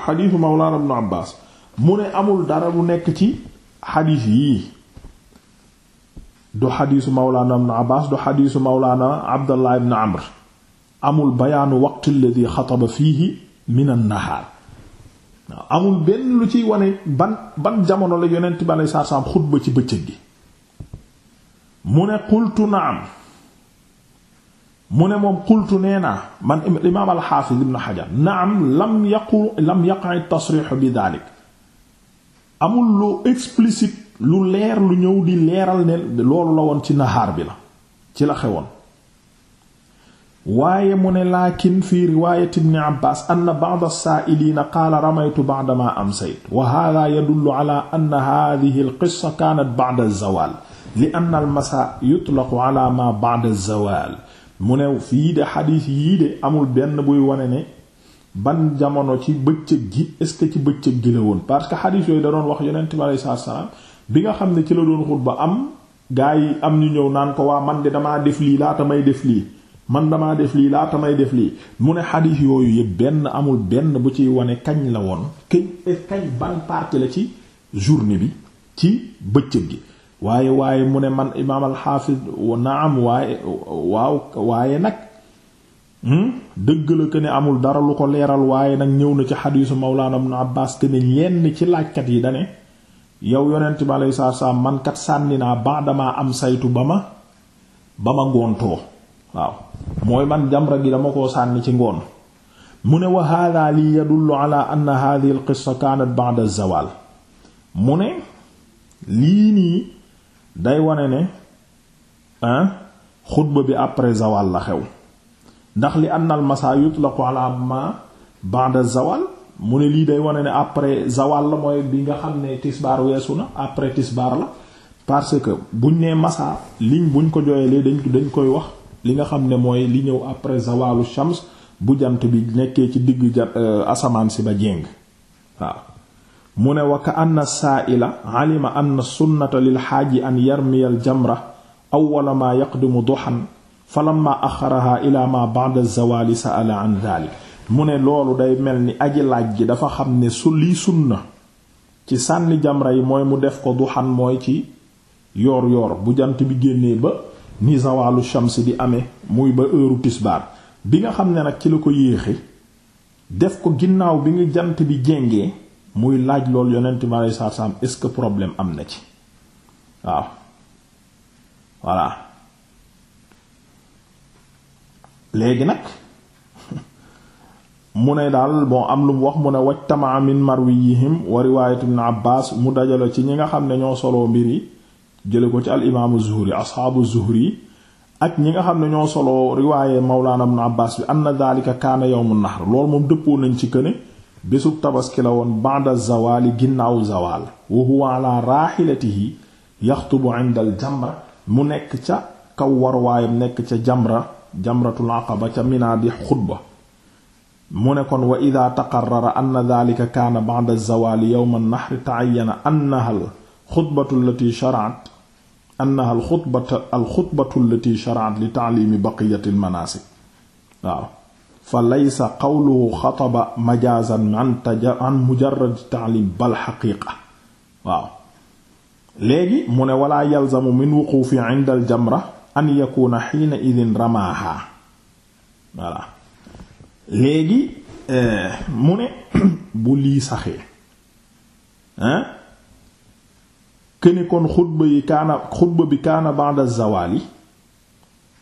xadiisu mawlaana ibnu abbaas mu ne amul dara lu nekk ci xadiis yii du xadiisu mawlaana ibnu abbaas du xadiisu mawlaana abdallah ibnu amr amul bayaanu waqti alladi xataba fiihi benn lu ci wane ban ban jamono la yonent bi aleyhi salaatu salaam xutba ci bëccëg gi mu ne qultu naam mu ne moom qultu nee naa man imaam alxaafiz ibn xajar naam lam yaqu lam yaqa tasrix bi daalik amul lu explicite lu leer lu ñëw di leeral ne loolu la woon ci nahaar bi la ci la xewoon waaye mu ne laakin fi riwaayati ibn abbaas anna ba'd as-saa'iliina qaala ramaytu ba'da maa amsaytu wa haadha yadullu ala anna haadhihi al-qissa kaanat ba'da az-zawaal li anna al masa yutlaqu ala ma ba'da zawal mu ne fii de xadiis yii de amul benn buy wane ne ban jamono ci bëccëg gi est ci bëccëg gi la woon parce que xadiis yooyu da doon wax yonent bi aleyhi salaatu salaam bi nga xam ne ci la doon xutba am gaa yi am ñu ñëw naan ko waa man de damaa def lii laata may def lii man damaa def lii laata may def lii mu ne xadiis yooyu yëpp benn amul benn bu ciy wane kañ la woon kañ kañ ban partie la ci journée bi ci bëccëg gi waaye waaye mu ne man imaam alxaafis naam waaye waaw waaye nag hmm, dëgg la ko ne amul dara lu ko leeral waaye nag ñëw na ci xadiisu mawlaana ibnu Abbaas ke ne yenn ci laajkat yi dane yow yonent bi aleyhi salaatu salaam sànni naa baax damaa am saytu ba ma ba ma ngoontoo waaw mooy man jamra gi dama koo sànni ci ngoon mu ne wa hada lii yadullu ala anna hadhihi al qissa kanat ba'da mu ne lii nii day wane ne ah xutba bi après zawal la xew ndax li annal masa yutlaqu ala ma ba'da zawal mu ne lii day wane ne après zawal la mooy bi nga xam ne tisbaar weesu na après tisbaar la parce que buñ nee masa liñ buñ ko jooyalee dañ dañ koy wax li nga xam ne mooy li ñëw après zawalu shams bu jant bi nekkee ci digg euh, asamaan si ba jéng waaw mu ne wa ka anna saaila alima anna sunnata lilxaaji an yarmiya aljamra awwala maa yaqdimu duxan fa lamma axaraha ila ma ba'da zawaali sa'ala an mu ne loolu day mel ni aji laaj ji dafa xam ne su lii sunna ci sànni jamra yi mooy mu def ko duxan mooy ci yoor yoor bu jant bi génnee ba ni zawaalu shams di amee muy ba heure tisbaar bi nga xam ne nag ci la ko yéexe def ko ginnaaw bi nga jant bi jéngee muy laaj loolu yonenti mi aleyhi salaatu salaam est-ce que problème am na ci waaw voilà léegi nag [laughs] mu ne daal bon am lu mu wax mu ne waj mar min marwiyihim wa riwaayat ibn Abbaas mu dajale ci ñi nga xam ne ñoo soloo mbir yi jële ko ci al imaamu Zuhri asxaabu Zuhri ak ñi nga xam ne ñoo soloo riwaaye mawlaana ibn Abbaas bi anna daalika kaana yawmu nahr loolu moom dëppoo nañ ci këne bésub tabaski la woon ba'da zawaali ginnaaw zawaal wa huwa ala raahilatihi yaxtubu inda al jamra mu nekk ca kaw war waayam nekk ca jamra jamratul aqaba ca mina di xutba mu ne kon wa ida taqarrara anna dhalika kaana ba'da zawaali yawma an-nahr ta'ayyana annaha al-xutbatu allati shar'at annaha al-xutbatu al-xutbatu allati shar'at li ta'liimi baqiyati al-manaasik waaw fa laysa qawluhu xataba majaazan an taja an mujarrad ta'lim xaqiiqa waaw léegi mu ne walaa yalzamu min wuquufi inda al jamra an yakuna xiina idin ramaaha voilà léegi eh, mu ne [clears throat] bu lii saxee hein këni kon xutba yi kaana xutba bi kaana ba'da zawaali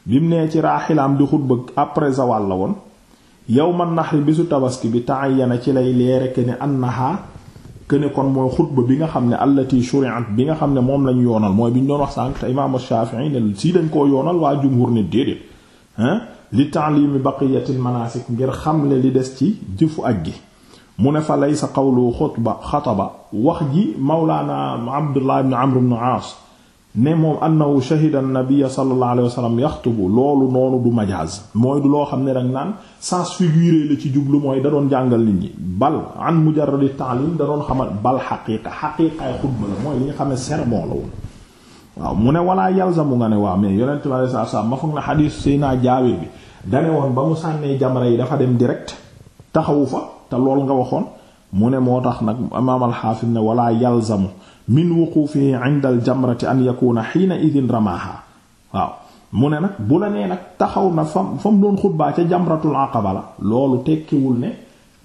bim nee ci raaxilaam di xutba après zawaal la woon yawma naxri bisu tabaski bi ta'ayyana ci lay leere ke ne annaha ke ne kon mooy xutba bi nga xam ne allati shuri'at bi nga xam ne moom lañ yoonal mooy bi ñu wax sànq te imaam Shaafi'i ne si dañ koo yoonal waa jumhur ne déedéet hein li ta'limi baqiyatil manasik ngir xamle li des ci jëfu aj gi mu ne fa laysa qawlu xutba xataba wax ji mawlaana Abdullah ibn Amr ibn Aas ne moom annahu shahida an-nabiy sallallahu alayhi wa sallam yaxtubu loolu noonu du majaaz mooy loo xam ne dañ naan sens figuré la ci jublu mooy da doon jàngal nit ñi bal an mujarrad at-ta'lim da doon xamal bal xaqiiqa xaqiiqaay xutba la mooy li nga xam ne la woon waaw mu ne walaa yalzamu nga ne waaw mais yonent bi alayhi salaam ma foog na xadiis Seydina Jaabir bi dane woon ba mu sànnee jamra yi dafa dem direct taxawu fa te lool nga waxoon mu ne moo tax nag imaam al ne walaa yalzamu min wuqufihi inda al jamrati an yakuna xiina idin ramaha waaw mu ne nag bu la nee nag taxaw na fam fa mu doon xutbaa ca jamratul aqaba la loolu tekkiwul ne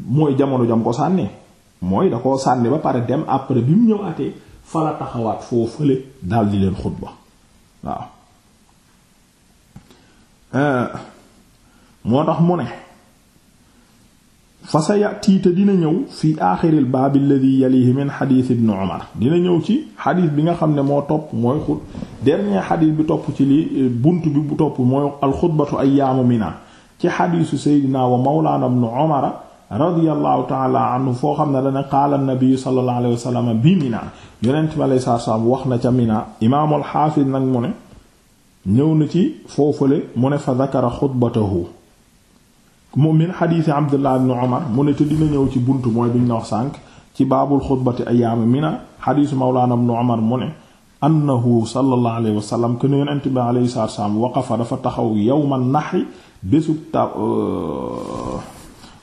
mooy jamono jam ko sànni mooy da koo sànni ba pare dem après bi mu ñëw atee fa la taxawaat foo fële dal di leen xutba waaw euh, moo tax mu ne fa sa yati te dina ñëw fi aaxiril baab alladhi yalihi min xadiis ibn Umar dina ñëw ci xadiis bi nga xam ne moo topp mooy xut dernier xadiis bi topp ci lii bunt bi bu topp mooy alxutbatu ayaamu mina ci xadiisu seydinaa wa mawlaana ibn Umar radiyallahu taala anhu foo xam ne dana qaala nabi sallallahu alayhi wa sallam bi mina yonent bi alayhi salaatu salaam wax na ca mina imaamul xaafis nag mu ne ñëw na ci foofale mu ne fa dakara xutbatahu mu min xadiisi abdullah ibn omar mu ne te dina ñëw ci bunt mooy bi ñu la wax sànq ci baabul xutbati ayaami mina xadiisu mawlaana ibn omar mu ne annahu sallallahu alayhi wa sallam kene yonent bi alayhi salaatu salaam waqafa dafa taxaw yawma nahri bésub ta euh,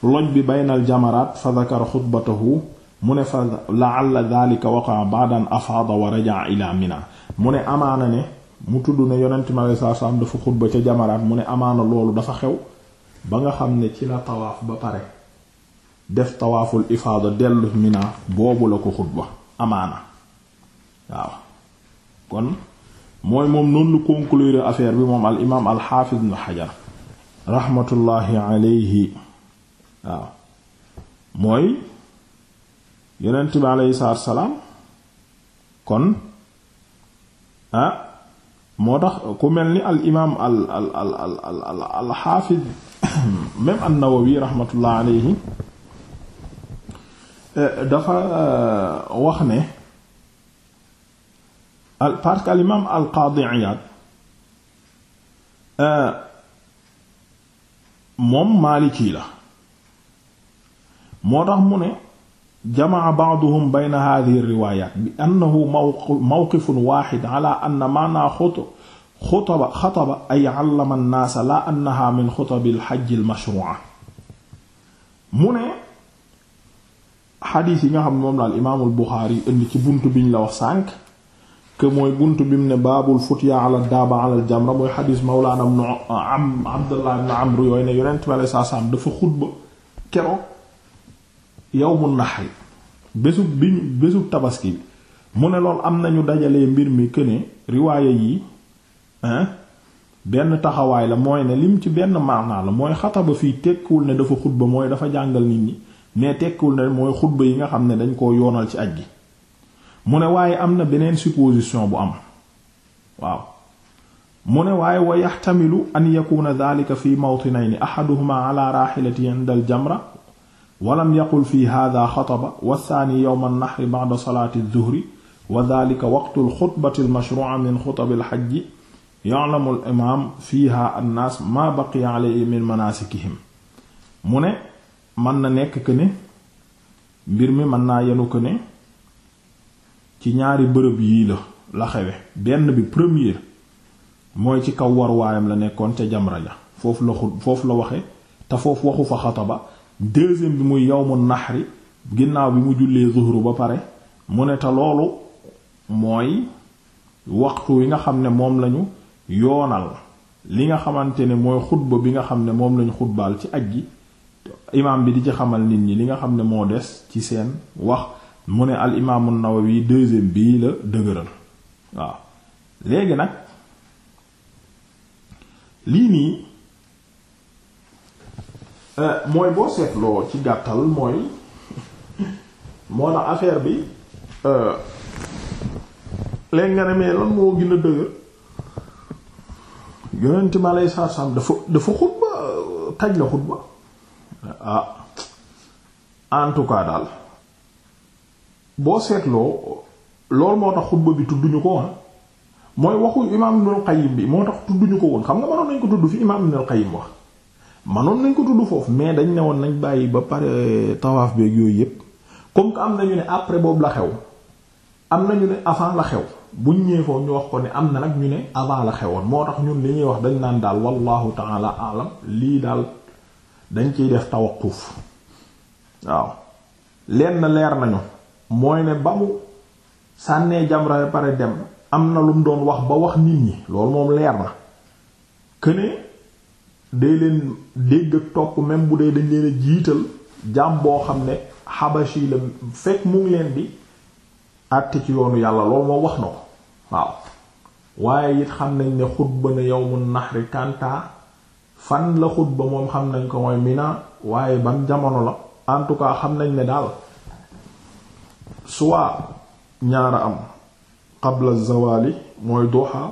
loj bi baynal jamaraat fa dakara xutbatahu mu ne fa la'alla dhalika waqa'a ba'da an afaada wa raja'a ila mina mu ne amaana ne mu tudd ne yonent bi alayhi salaatu salaam dafa xutba ca jamaraat mu ne amaana loolu dafa xew ba nga xam ne ci la tawaaf ba pare def tawaaful ifaada dellu Mina boobu la ko xutba amaana waaw kon mooy moom noonu lu conclure affaire bi moom al imaam al xaafiz ibn Hajar raxmatullaahi alayhi waaw mooy yonent bi alayhi salaatu salaam kon moo tax ku mel ni al imaam al al al al al al xaafiz [coughs] même an-Nawawi rahmatullah alayhi euh, dafa euh, wax ne parce que al imaam al qaadi Iyaad euh, moom maaliki la moo tax mu ne jamaa ba'duhum bayna hadhihi riwaayaat bi annahu mawqifun waahid ala anna maanaa xutu xutaba xataba ay àllama annaasa la annaha min xutabil xajjil mashrua mu ne xadiis yi nga xam moom la al imaamul buxaari indi ci bunt biñ la wax sànk que mooy bunt bi mu ne baabul futya ala daaba ala jamra mooy xadiis mawlaana ibn am abdullah yooyu ne yonent bi alei saa salaam dafa xutba keroog yawmu naxri tabaski mu ne lool am nañu dajalee mbir mi que riwaaya yi benn taxawaay la mooy ne lim ci benn maanaa la mooy xataba fii tekkiwul ne dafa xutba mooy dafa jàngal nit ñi mais tekkiwul ne mooy xutba yi nga xam ne dañ koo yoonal ci aj gi mu ne waaye am na beneen supposition bu am waaw mu ne waaye wa yaxtamilu an yakuna dhalika fi mawtinayni ahaduhuma ala raxilati inda al jamra walam yaqul fi hada xataba wathani yowma an-nahri ba'da salaati adh-dhuhri wa dhalika waqtu al-xutbati al-mashru'a min xutabi al-hajj ya'lamu al imaam fiiha annaas ma baqiya alayhi min manaasikihim mu ne mën na nekk que ne mbir mi mën naa yenu que ne ci ñaari bërëb yii la la xewe benn bi premier mooy ci kaw war waayam la nekkoon ca jamra ja foofu la foofu la waxe te foofu waxu fa xataba deuxième bi muy yawmu naxri ginnaaw bi mu jullee zuhru ba pare mu ne te loolu mooy waxtu wi nga xam ne moom lañu yoonal li nga xamante ne mooy xutba bi nga xam ne moom lañ xutbaal ci aj gi imaam bi di ci xamal nit ñi li nga xam ne moo des ci seen wax mu ne al imaamu wi deuxième bii la dëgëral waaw léegi nag lii nii euh, mooy boo seetloo ci gàttal mooy moo na affaire bi euh, léegi nga ne lan moo gën a dëgër yonent ma lay saar saam dafa dafa xutba taj la xutba ah en tout cas daal boo seetloo loolu moo tax xutba bi tudduñu ko woon mooy waxu imaam Ibnul Qayyim bi moo tax tudduñu ko woon xam nga mënoon nañ ko tudd fi imaam Ibnul Qayyim wax mënoon nañ ko tudd foofu mais dañ ne woon nañ bàyyi ba pare euh, tawaaf beeg yooyu yépp comme que am nañu ne après boobu la xew am nañu ne avant la xew buñ ñeefoo ñu wax ko ne am na nag ñu ne avant la xewoon moo tax ñun li ñuy wax dañ naan daal wallahu ta'ala a'lam lii daal dañ ciy def tawaquf waaw na leer nañu mooy ne ba mu sànnee jamra pare dem am na lu mu doon wax ba wax nit ñi loolu moom leer na këne day leen dégg ak topp même bu dee dañ leen a jiital jaam boo xam ne xabashi la fekk mu leen bi àtte ci yoonu yàlla loolu moom wax na ko waaw waaye it xam nañ ne xutba na yawmun nahri kanta fan la xutba moom xam nañ ko mooy Mina waaye ban jamono la en tout cas xam nañ ne daal soit ñaara am qabla zawali mooy duha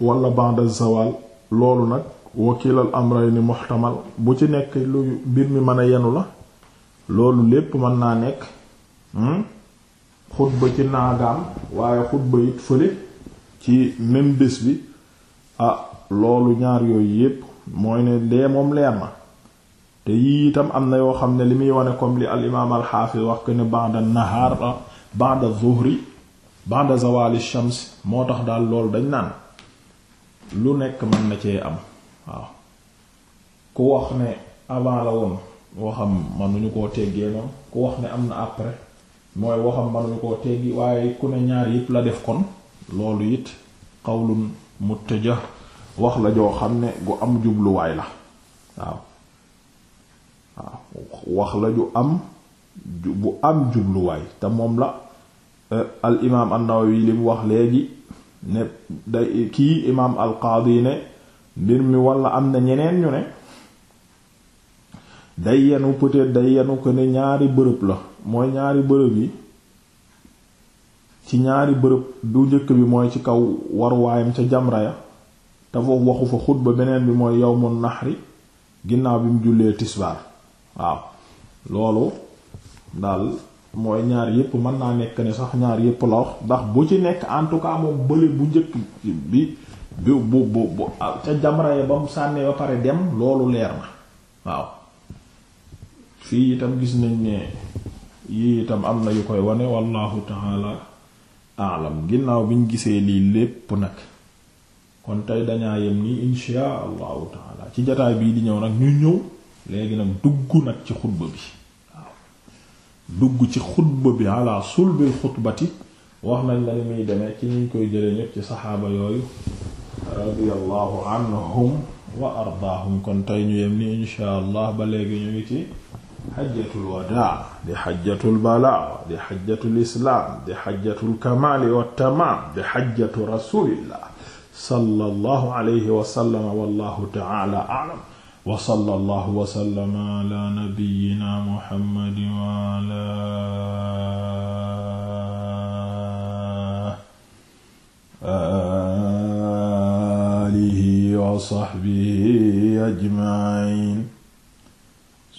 wala ba'da zawal loolu nag wakiilal amrayni muhtamal bu ci nekk lu mbir mi mën a yenu la loolu lépp mën naa nekk hmm? xutba ci naagaam waaye xutba it fële ci même bés bi ah loolu ñaar yooyu yépp mooy ne dee leer na te yii itam am na yoo xam ne li muy wane comme li al imaam al xaafis wax que ne ba'da nahaar ba'da zuhri ba'da zawali shams moo tax daal lool dañ naan lu nekk mën na cee am waaw ku wax ne avant la woon waxam mënuñu koo teggee noonu ku wax ne am na après mooy waxam manuñu koo teggi waaye ku ne ñaar yëpp la def kon loolu it xawlun muttaja wax la joo xam ne gu am jubluwaay la waaw ju am jubluwaay te moom la eh, al imaam an wax léegi ne day kii imaam al qaadi ne mbir mi walla am na ñeneen ñu ne day yenu peut day yenu ko ne ñaari bërëb la mooy ñaari bërëb yi ci ñaari bërëb du njëkk bi mooy ci kaw war waayam ca jamra ya te foofu waxu fa ba beneen bi mooy yow yawmun nahri ginnaaw bi mu jullee tisbaar waaw loolu daal mooy ñaar yépp mën naa nekk ne sax ñaar yépp la wax ndax bu ci nekk en tout cas moom bu njëkk bi bu bu bu ca jamra ya ba mu sànnee ba pare dem loolu leer na waaw fii itam gis nañ ne yi itam am na yu koy wane wallahu taala aalam ginnaaw bi ñu gisee lii lépp nag kon tey dañaa yem nii inshaa allahu taala ci jataay bii di ñëw nag ñu ñëw léegi nag dugg nag ci xutba bi waaw dugg ci xutba bi ala sulbil xutbati wax nañ la ni muy demee ci ñu koy jële ñépp ci saxaaba yooyu radiyallahu anhum wa ardaahum kon tey ñu yem ni inshaa allah ba léegi ñu ngi ci xajjatul wadaa di xajjatul balaa di xajjatul islaam di xajjatul kamaali wa tamaam di xajjatu rasulillah sallallahu alayhi wa sallam wallahu ta'ala a'lam wa sallallahu wa sallama ala nabiyyina muhammadin wa ala alihi wa sahbihi ajma'in